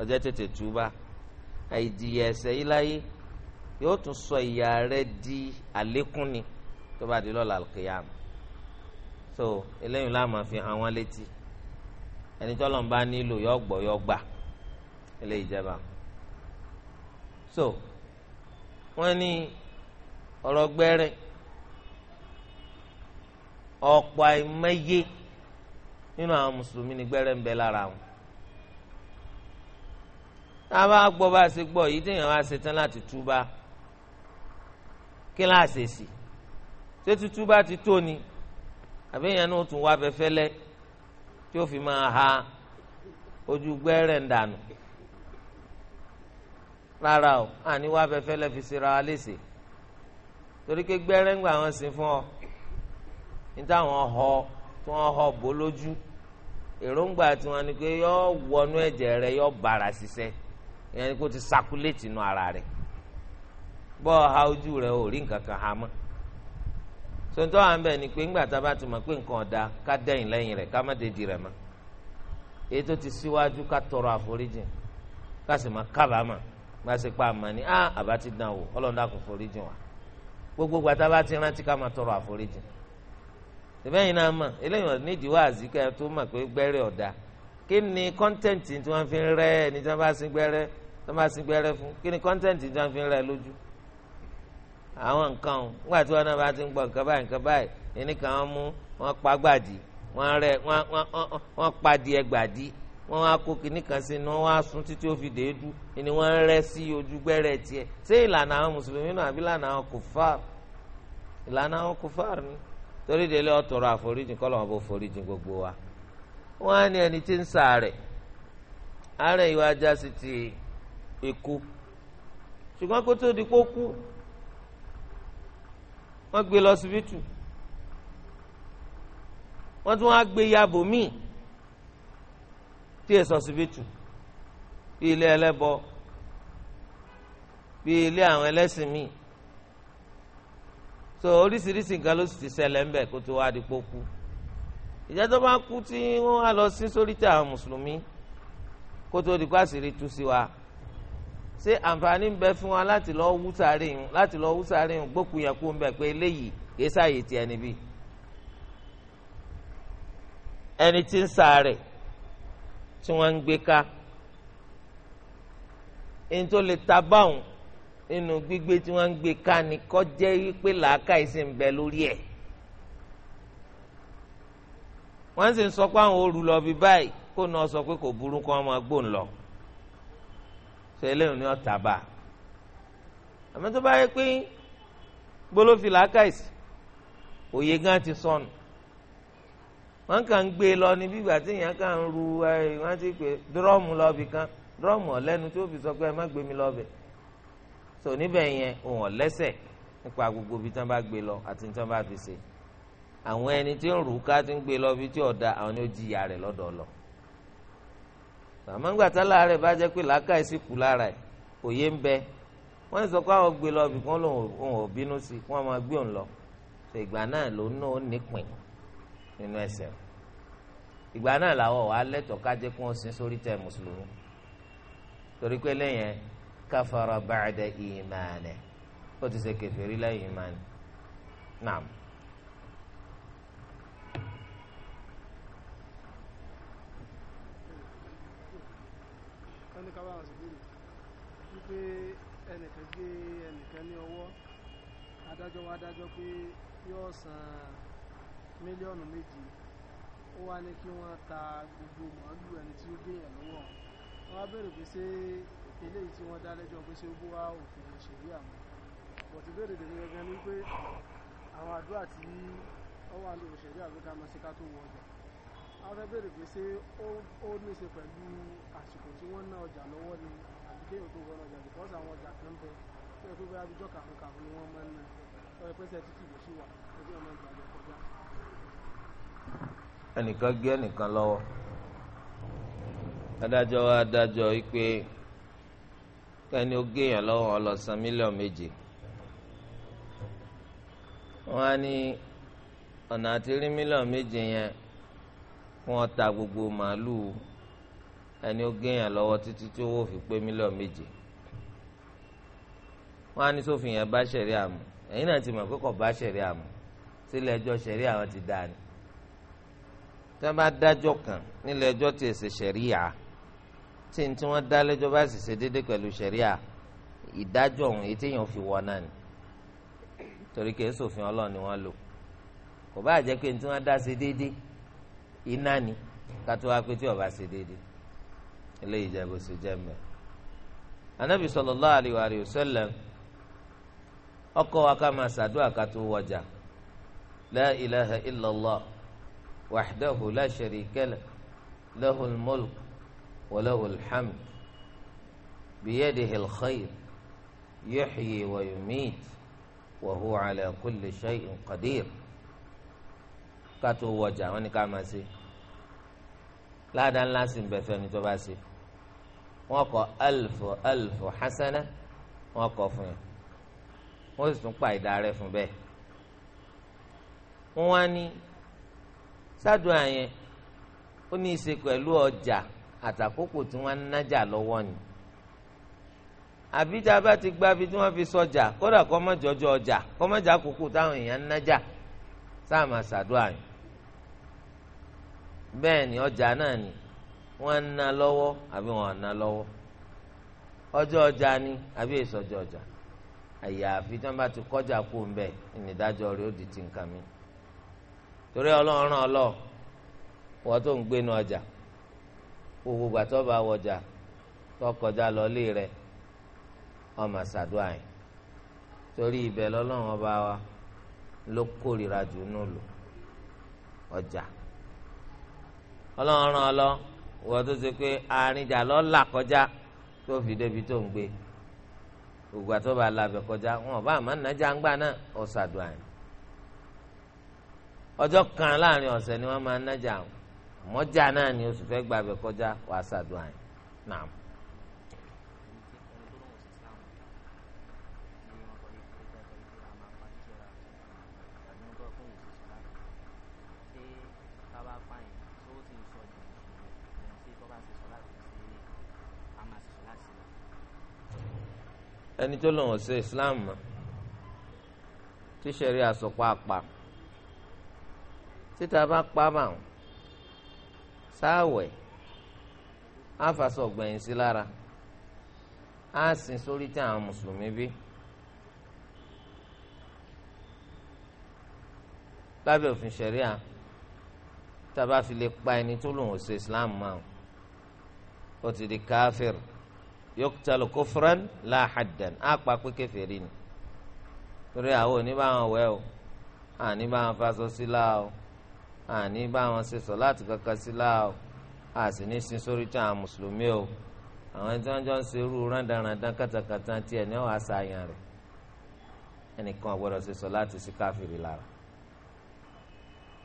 ọjọ́ tètè túbà àìdìyẹ ẹ̀ṣẹ̀ yìí láyé yóò tún sọ ìyà rẹ̀ di àlékún ni tó bá di lọ́la àlùkìyàmù so eléyìí la máa fi hàn wọ́n létí ẹni tọ́lọ̀ ń bá nílò yọ gbọ́ yọ gbà eléyìí jẹba so wọ́n ní ọ̀rọ̀ gbẹ́rẹ́ ọ̀pọ̀ àìmọye nínú àwọn mùsùlùmí ni gbẹ́rẹ́ ń bẹ lára wọn tá a bá gbọ́ bá a ṣe gbọ́ yìí téèyàn wá ṣetán láti túbá kíláàsì èsì ṣé tútúbá ti tó ni àbẹ́yẹn náà tún wá abẹ fẹ́lẹ́ tí ó fi máa ha ojú gbẹ́rẹ̀ ń dànù rárá o àní wá abẹ fẹ́lẹ́ fi ṣera wa léṣe torí pé gbẹ́rẹ́ ń gbà wọ́n sí fún ọ ní táwọn họ tí wọ́n họ bó lójú èròǹgbà tiwọn ni pé yọ wọnú ẹ̀jẹ̀ rẹ yọ bàrà ṣiṣẹ́ ìyẹn ni kó ti sakuléètì nù ara rẹ bọ́ọ̀ ha ojú rẹ ò rí nǹkan kan ha tontọ́ à ń bẹ̀ ni pé ńgbà tá a bá ti mọ̀ pé nǹkan ọ̀dà ká dẹ́yìn lẹ́yìn rẹ̀ ká má dédìí rẹ̀ mọ́ èyí tó ti síwájú ká tọrọ àforíjìn ká sì máa kábàámọ̀ bá ṣe pa àmọ́ ni ah àbá ti dàn wò ọlọ́run dákun foríjìn wa gbogbo ìgbà tá a bá ti rántí ká máa tọrọ àforíjìn ìbẹ́yìn náà mọ̀ eléyìí ọ̀dún nídìí wá àzíkà tó mọ̀ pé gbẹ́rẹ́ ọ̀dà kí ni kọ́ńtẹ́ǹtì tí wọ́n fi ń rẹ́ ẹni tí wọ́n bá sín gbẹ́rẹ́ fún kí ni kọ́ńtẹ́ǹtì tí wọ́n fi rẹ́ lójú àwọn nǹkan ọ̀hún nígbà tí wọn náà bá ti ń gbọ́ nǹkan báyìí nǹkan báyìí ẹni kan wọn mú wọn pa gbàdí wọn rẹ wọn pa díẹ̀ gbàdí wọn wá kó kinní kan sí ni wọn wá sun títí ó fi dèédú ni wọn rẹ sí ojú gbẹrẹ tiẹ̀ ṣé ìlànà àwọn mùsùlùmí náà àbí ìlànà àwọn kòfàr ìlànà àwọn kòfàr ni torí délé ọtọrọ àforíjì kọlọ wọn bó foríjì gbogbo wa wọn á ní ẹni tí ń sàárẹ̀ àárẹ̀ ìwà ajá sí ti ikú ṣùgbọ́n kó tó di kó kú wọ́n gbé lọ síbítù wọ́n tún wá gbé yabò míì tí èso síbítù bí ilé ẹlẹ́bọ bí ilé àwọn ẹlẹ́sìn míì so oríṣiríṣi nǹkan ló sì ti ṣẹlẹ̀ ńbẹ̀ kó tó wá di pókú ìjà tó bá kú tí wọ́n á lọ sí sórí àwọn mùsùlùmí kó tó di kó tú sí wa ṣé àǹfààní ń bẹ fún wa láti lọ wú sáré yìí láti lọ wú sáré yìí gbókùn yẹn kó ń bẹ pé eléyìí kìí sáàyè tiẹ̀ níbí ẹni tí ń sáré tí wọ́n ń gbé ká ẹni tó lè ta báwọn nínú gbígbé tí wọ́n ń gbé ká ni kọ́ jẹ́ pé làákàyè sì ń bẹ lórí ẹ̀ wọ́n sì ń sọ pé àwọn òru lọ bí báyìí kó náà sọ pé kò burú kó wọ́n máa gbóhùn lọ ṣe eléyìí ni ọ̀tá bá àmọ́ tó bá yẹ pé gbólófin làákàyèsí òye gan ti sọnù wọn kàn ń gbé e lọ ní bígbà tí èèyàn kàn ń ru wọn ti pè dúrọ́ọ̀mù lọ́ọ̀bì kan dúrọ́ọ̀mù ọ̀lẹ́nu tí ó fi sọ pé ẹ má gbé mi lọ́ọ̀bẹ̀ so níbẹ̀ yẹn òun ọ̀lẹ́sẹ̀ nípa gbogbo ibi tí wọ́n bá gbé lọ àti tí wọ́n bá fi ṣe àwọn ẹni tí ń rù ká ti ń gbé lọ bí tí ọ̀dà àwọn ni ó jìyà rẹ̀ lọ́dọ̀ àmọ́ ńgbà tá láàárẹ̀ bá jẹ́ pé làákàyè sì kú lára ẹ̀ òye ń bẹ wọ́n sọ pé àwọn gbé lọ bì kán lòun ò bínú sí i kí wọ́n máa gbé òun lọ sọ ìgbà náà lòun náà ó nípìn nínú ẹsẹ̀ ìgbà náà làwọn wà á lẹ́tọ̀ọ́ ká jẹ́ kí wọ́n sin sórí tẹ mùsùlùmí torí pé lẹ́yìn káfàrà ba'da ìmánì ó ti ṣe kèfèrí lẹ́yìn ìmánì naam. wọ́n ní káwá ọ̀sìn lónìí wípé ẹnìkan gbé ẹnìkan ní ọwọ́ adájọ́ wa dájọ́ pé yóò san mílíọ̀nù méjì ó wá ní kí wọ́n ta gbogbo màálù ẹni tí ó gbéyàn lọ́wọ́ wọ́n á bèrè pé ṣé eléyìí tí wọ́n dá lẹ́jọ́ pé ṣé ó bó òfin ìṣèlú àwọn bọ̀ ti bèrè dèmí gangan ni pé àwọn àdúrà tí wọ́n wà lóòṣèlú àgbékalẹ̀ sí ká tó wọ ọjà a fẹ́ bèrè pé ṣé ó ní ṣe pẹ̀lú àsìkò tí wọ́n ná ọjà lọ́wọ́ ni àti kéèyàn tó wọ́n ọjà because àwọn ọjà kan bẹ tó yẹ pé bóyá abijọ́ kàfún kàfún ni wọ́n máa ń ná tó yẹ pé ṣe títì ló sì wà ẹbí ọmọ ìgbà lọ kọjá. ẹnìkan gé ẹnìkan lọ́wọ́ adájọ́ wa adájọ́ wípé kẹ́ni ó géèyàn lọ́wọ́ ó lọ méje wọ́n á ní ọ̀nà àti rí mílíọ̀nù méje yẹn wọ́n ta gbogbo màálùú ẹni ó gẹ̀yàn lọ́wọ́ títí tí owó fi pé mílíọ̀nù méje wọ́n á ní sófin yẹn bá ṣẹ̀rí àmú ẹ̀yin náà ti mọ̀ pé kò bá ṣẹ̀rí àmú sílẹ̀ ẹjọ́ ṣẹ̀rí àwọn ti dáa ni tí wọ́n bá dájọ́ kan nílẹ̀ ẹjọ́ ti èsè ṣẹ̀rí yà á tí n tí wọ́n dá lẹ́jọ́ bá sì ṣe déédéé pẹ̀lú ṣẹ̀rí à ìdájọ́ ọ̀hún èyí téèyàn fi wọ náà ni torí kì í sófin ọlọ́run ni wọ́n lò kò bá jẹ́ pé n tí wọ́n dá ṣe déédéé iná ni kátó wá pé tí ọba ṣe déédéé ile jẹ bó ṣe jẹ mẹ. anabi solo sallallahu alaihi sele ọkọ wa ká máa ṣàdúrà ká tó wọjà la ilaha illallah wahdahu la mọ́lùk lah lahul mulk wa lahul hamd biyadihil khayr yuhyi wa yumiit wa huwa ala kulli shay'in qadir ká tó wọjà wọn ni ká máa ṣe. láàdá ńlá sì ń bẹ fẹ́ ni tó bá ṣe wọ́n kọ alfu alfu hasana wọ́n kọ fún yẹn wọ́n sì tún pa ìdá rẹ̀ fún bẹ́ẹ̀ wọ́n wá ní sádùá yẹn ó ní í ṣe pẹ̀lú ọjà àtàkókò tí wọ́n ń nájà lọ́wọ́ ni àbí bá ti gbábi tí wọ́n fi sọjà kódà kọ́mọ́jọ́jọ́ ọjà kọ́mọ́jà àkókò táwọn èèyàn nájà sáà máa sàdúrà yẹn bẹ́ẹ̀ ni ọjà náà ni wọ́n ń ná lọ́wọ́ àbí wọ́n ń lọ́wọ́ ọjọ́ ọjà ni àbí èso ọjọ́ ọjà àyàfi tí wọ́n bá ti kọjá kú ń bẹ̀ ìnídàájọ́ rẹ̀ ó di ti nǹkan mi torí ọlọ́run ọlọ́ wọ́n tó ń gbénu ọjà gbogbo gbàtọ́ bá wọjà tó kọjá lọ́lé rẹ̀ ọmọ ṣàdúrà yẹn torí ibẹ̀ lọ́lọ́run ọba wa ló kórìíra jù nù lò ọjà. ọlọ́run ràn ọ́ lọ wọ́n tó ṣe pé arìnjà lọ́ là kọjá tó fi débi tó ń gbé gbogbo àtọ́ba làbẹ̀ kọjá wọn ò àmọ́ nàjà ń gbà náà ó ṣàdùn ọjọ́ kan láàrin ọ̀sẹ̀ ni wọ́n máa ń mọja mọ́jà náà ni oṣù fẹ́ gbàbẹ̀ kọjá wàá ṣàdùn àyìn náà. ẹni tó lòun ọ̀sẹ̀ islam tí sẹ́rí àsopọ̀ àpà títa bá pa mà ń sáwẹ̀ àfàsọ̀ gbẹ̀yìn sí lára á sin sórí tí àwọn mùsùlùmí bí. lábẹ́ òfin ṣẹ̀ríà tá a bá fi lè pa ẹni tó lòun ọ̀sẹ̀ islam mà ó ti di káfíìrì yọkùtàlù kófúrán láhàdàn á pa pé kèfèrí ni torí àwọn òní bá wọn wẹ̀ o àní bá wọn faṣọ sílá o àní bá wọn ṣe sọ láti kankan sílá o àsì ní sin sórí tí àwọn mùsùlùmí o àwọn ẹni tí wọn jọ ń ṣe irú rándanrandan kàtàkàtà tiẹ̀ ní wọn àṣàyàn rẹ̀ ẹnìkan gbọ́dọ̀ ṣe láti sí káfíìrì lára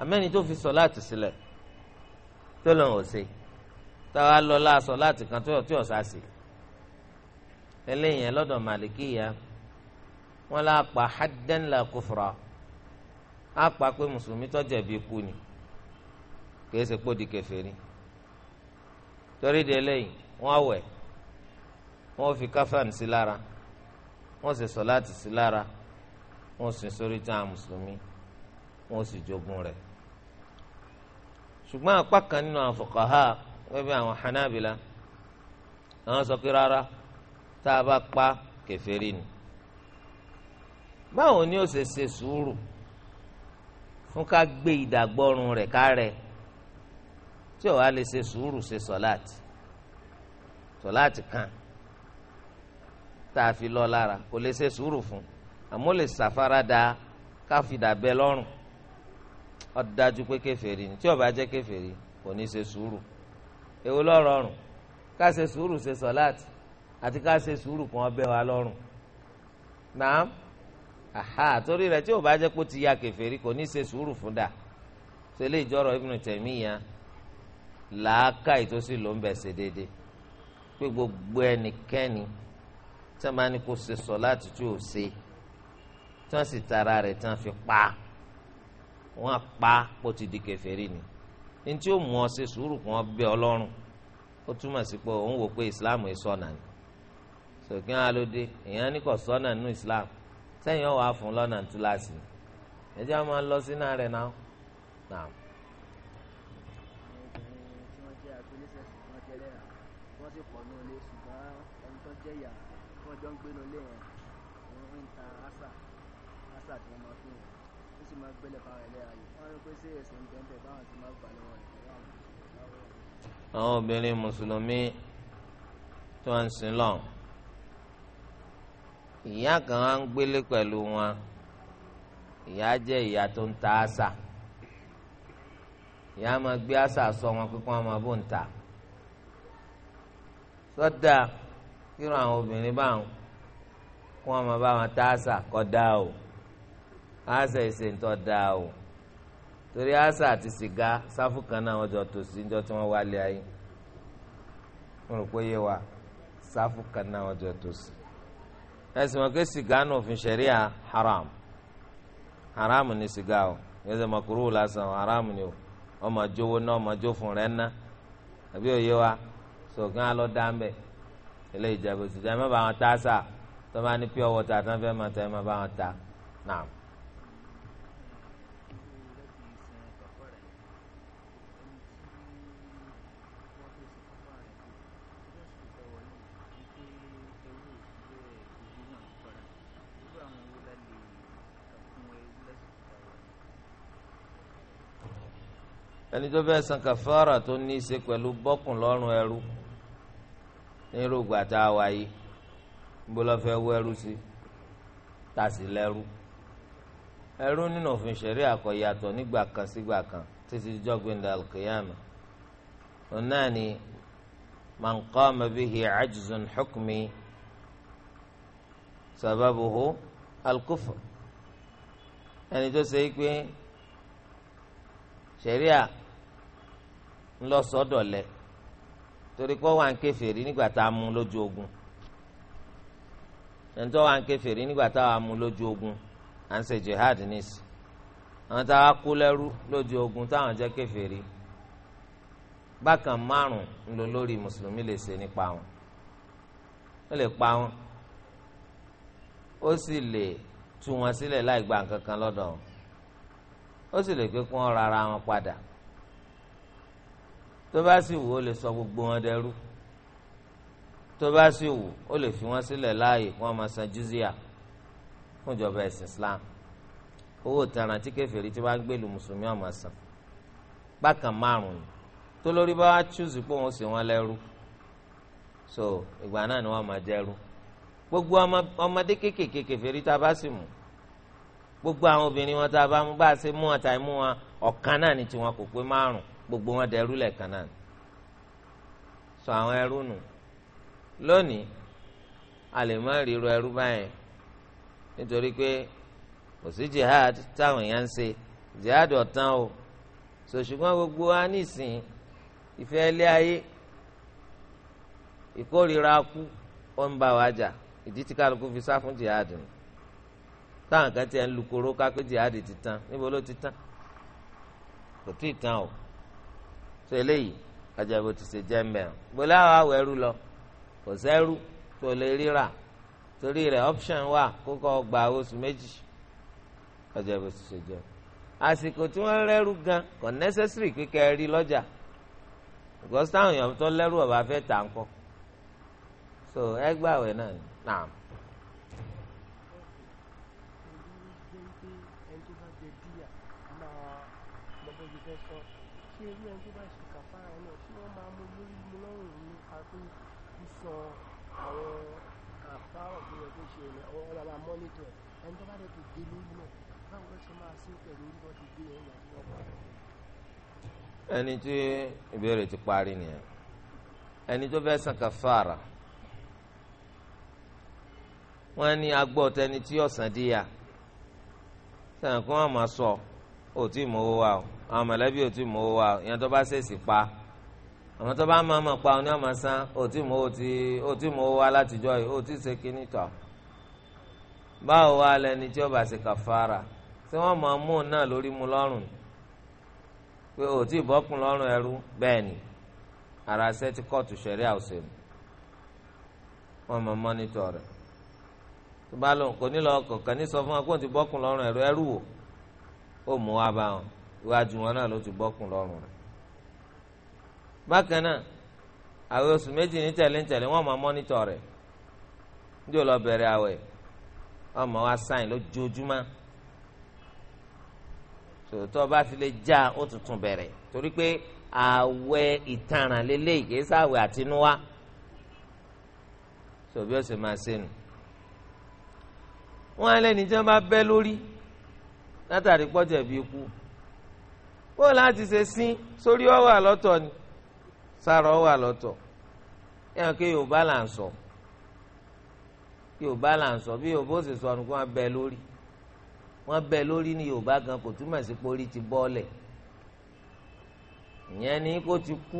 amẹni tó fi sọ láti sílẹ̀ tó lọ ò ṣe táwa lọ láàṣọ láti kan tó yọ tí ọ̀sà sí i eléyìí lọ́dọ̀ màlìkíyà wọn là pa haddan la kufra á pa pé mùsùlùmí tó jẹ̀bi kú ni kìí ṣe kpódi kèfèrí torí de eléyìí wọn wẹ̀ wọn fi káfíń sí lára wọn sì sọláàtì sí lára wọn sì sórí tán àwọn mùsùlùmí wọn sì jogún rẹ̀ ṣùgbọ́n apá kan nínú àwọn fuqaha wẹ́bí àwọn hanabila àwọn sọ pé rárá tá a bá pa kèfèrí ni báwo ni ó ṣe ṣe sùúrù fún ká gbé ìdàgbọ́rùn rẹ̀ ká rẹ̀ tí ò wá lè ṣe sùúrù ṣe sọ̀láàtì sọ̀láàtì kan tá a fi lọ lára kò lè ṣe sùúrù fún àmọ́ lè ṣàfaradà káfíńdà bẹ lọ́rùn ó dájú pé kèfèrí ni tí ó bá jẹ́ kèfèrí kò ní ṣe sùúrù èwo ló rọrùn ká ṣe sùúrù ṣe sọ̀láàtì àti ká ṣe sùúrù kan bẹ́ wa lọ́rùn aha torí rẹ̀ tí ò bá jẹ́ kó ti ya kèfèrí kò ní ṣe sùúrù fún dà ṣẹlẹ̀ ìjọ́rọ̀ Ibn Taymiyyah làákà ìtòsí ló ń bẹ̀ ṣe déédéé pé gbogbo ẹnikẹ́ni tí wọ́n bá ní kó ṣe sọ láti tí ò ṣe tí tara rẹ̀ tí fi pa wọ́n pa kó ti di kèfèrí ni ní ó mú ọ ṣe sùúrù kan ọ ó túmọ̀ sí sòkè alóde èèyàn ní kò sọ́nà nínú islam sẹ́yìn ọ̀wá fún lọ́nà túláàsì ẹjẹ́ wọn máa lọ sínú rẹ̀ náà. Naam. àwọn obìnrin mùsùlùmí tó ń sin lọ́n ìyá kan wá ń gbélé pẹ̀lú wọn ìyá jẹ́ ìyá tó ń ta àṣà ìyá máa gbé àṣà sọ wọn pé kí wọ́n máa bò ń ta sọ́dà kírun àwọn obìnrin báwọn máa bá wọn ta àṣà kọ́ o àṣà o torí àṣà àti sìgá sáfù kan náà wọ́n jọ tòsí níjọ́ tí wọ́n wálé ayé wọ́n rò pé yé wa sáfù ẹsìn wọn pé sìgá náà òfin ṣẹ̀ríà haram haram ni sìgá o ẹsẹ̀ mọ̀kúrú lásán haram ni o ọmọ jówó náà ọmọ jó fún rẹ ná àbí òye wa sọ̀gán alọ́ dá ń bẹ̀ ilé ìjẹ́bù sìgá ẹ má bá wọn ta sá tó bá ní pure water tó fẹ́ máa ta ẹ má bá wọn ta náà. ẹni tó fẹ́ san kàfàrà tó ní í ṣe pẹ̀lú bọ́kùn lọ́rùn ẹrú nírògbà tá a wáyé níbo lọ́ọ́ fẹ́ wọ ẹrú sí tá a sì lẹ́rú ẹrú nínú òfin ṣẹ̀rí àkọ́yàtọ̀ nígbà kan sígbà kan títí jọ́gbìndà alkiyama òun náà ni man qama bihi ajzun hukmi sababuhu alkufr ẹni tó ṣe é pé ṣẹ̀rí àkọ́yàtọ̀ ńlọsọdọlẹ torí pé wà ń kèfèrí nígbà tá a mú lójú ogun ẹnitọ́ wà ń kèfèrí nígbà tá a mú lójú ogun à ń ṣe jihad nísì àwọn tá a kú lẹ́rú lójú ogun táwọn jẹ́ kèfèrí bákan márùn ńlọ lórí mùsùlùmí lè ṣe nípa wọn ó lè pa wọn ó sì lè tú wọn sílẹ̀ láì gba nǹkan kan lọ́dọ̀ wọn ó sì lè pé kí wọ́n rárá wọn padà tó bá sì wù ó lè sọ gbogbo wọn dẹrú tó bá sì wù ó lè fi wọn sílẹ̀ láàyè kí wọ́n máa san jizya fún ìjọba ẹ̀sìn Islam owó tẹran tí kèfèrí tí wọ́n á gbèlú mùsùlùmí ọ̀mà san bákan márùn-ún tó lórí bá wá chúùsì pé òun sì wọ́n lẹ́rú so ìgbà náà ni wọ́n máa dẹ́rú gbogbo ọmọdé kéékèèké kèfèrí tá a bá sì mú gbogbo àwọn obìnrin wọn tá a bá mú bá a ṣe mú wọn tàì wọn ọ̀kan náà ni tiwọn kò pé márùn gbogbo wọn dẹrú lẹ́ẹ̀kan náà sọ àwọn ẹrú nù lónìí a lè má ríro ẹrú báyẹn nítorí pé kò sí jihad táwọn èèyàn ń ṣe jihad ọ̀tán o sọ ṣùgbọ́n gbogbo wa nísìn ìfẹ́ ilé ayé ìkórira kú ó ń bá wa jà ìdí tí kálukú fi sá fún jihad nù táwọn kan ti ń lu koro ká pé jihad ti tán níbo ló ti tán kò tí ì tán o tó eléyìí ajá bó ti ṣe jẹ́ mẹ́rin gbọ́dọ̀ àwọn awọ ẹrú lọ kò sẹ́rú tó lè ríra torí rẹ̀ option wà kókó gba oṣù méjì ajá bó ti ṣe jẹ́ àsìkò tí wọ́n rẹ́rú gan kò necessary kíkẹ́ rí lọ́jà because táwọn èèyàn tó lẹ́rú ọ̀bá fẹ́ tà ń kọ́ so ẹgbàá wẹ̀ náà nàm. ẹni tí ìbéèrè ti parí nìyẹn ẹni tó fẹ́ san kàfàrà wọ́n ní agbọ́ tẹni tí ọ̀sán díyà sẹ́yìn kí wọ́n máa sọ ò tí mò ń wá o àwọn mọ̀lẹ́bí ò tí mò ń wá o ìyẹn tó bá ṣèèṣì pa àwọn tó bá máa mọ̀ pa òní ọ̀mà san ò tí mò ń wá látijọ́ yìí ò ṣe kíní tọ̀ báwo wá lẹni tí ó bá ṣe kàfàrà tí wọ́n máa mú un náà lórí mu lọ́rùn ni pé o tí bọ́kùn lọ́rùn ẹrú bẹ́ẹ̀ ni ara ṣe ti kóòtù ṣẹ̀rí àwòṣe mu wọ́n mọ mọ́nítọ̀ rẹ̀ tó bá lóun kò ní lọ kọ̀ọ̀kan ní sọ fún wọn pé o ti bọ́kùn lọ́rùn ẹrú ẹrú wò ó mú wa bá wọn iwájú wọn náà ló ti bọ́kùn lọ́rùn rẹ̀ bákan náà àwọn oṣù méjì ní tẹ̀léńtẹ̀lé wọ́n mọ mọ́nítọ̀ rẹ̀ ndí ò lọ bẹ̀rẹ̀ àwẹ̀ ọmọ wa sáyìn lójoojúmọ́ tòótọ́ bá fi lè já ó tuntun bẹ̀rẹ̀ torí pé àwẹ̀ ìtanràn lélẹ́yìí kìí sáwẹ̀ àtinúwá tó bí ó sì máa ṣe nù. wọ́n á lẹ́ni tí wọ́n bá bẹ́ lórí látàrí pọ́jẹ̀ bí ikú bó láti ṣe sín sórí ọwọ́ àlọ́tọ̀ ni sára ọwọ́ àlọ́tọ̀ yẹ́n kí Yorùbá là ń sọ Yorùbá là ń sọ bí Yorùbá ó sì sọ ọ̀nùkún abẹ lórí wọ́n bẹ lórí ní yorùbá gan kò túmọ̀ sí pé ti bọ́ọ̀lẹ̀ ìyẹn ni kó ti kú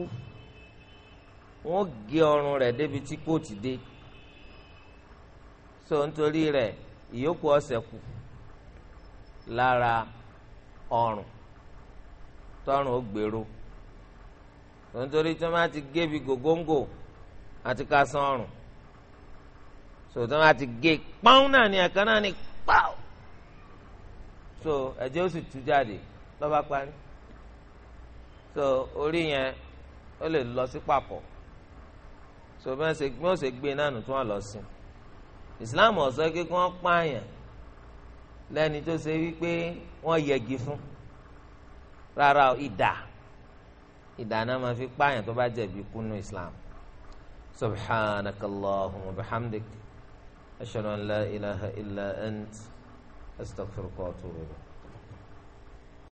wọ́n gé ọrùn rẹ̀ débi tí kò ti dé so nítorí rẹ̀ ìyókù ọ̀sẹ̀ kù lára ọrùn tọrùn ó gbèrò so nítorí tí wọ́n bá ti gébi gògóńgò àti kásán ọrùn so tí wọ́n bá ti gé pọ́n náà ni ẹ̀kan náà ni pọ́n so ẹ̀jẹ̀ ó sì tú jáde lọ́ba parí so orí yẹn ó lè lọ sí papọ̀ so bí wọ́n ṣe bí wọ́n ṣe gbé e náà nù tí wọ́n lọ sí Islam ọ̀sọ́ kí wọ́n pààyàn lẹ́ni tó ṣe wípé wọ́n yẹgi fún rárá ìdá ìdá náà máa fi pààyàn tó bá jẹ̀bi kúnú Islam subhanakallahumma bihamdik ashhadu an ilaha illa ant. استغفرك واتوب اليك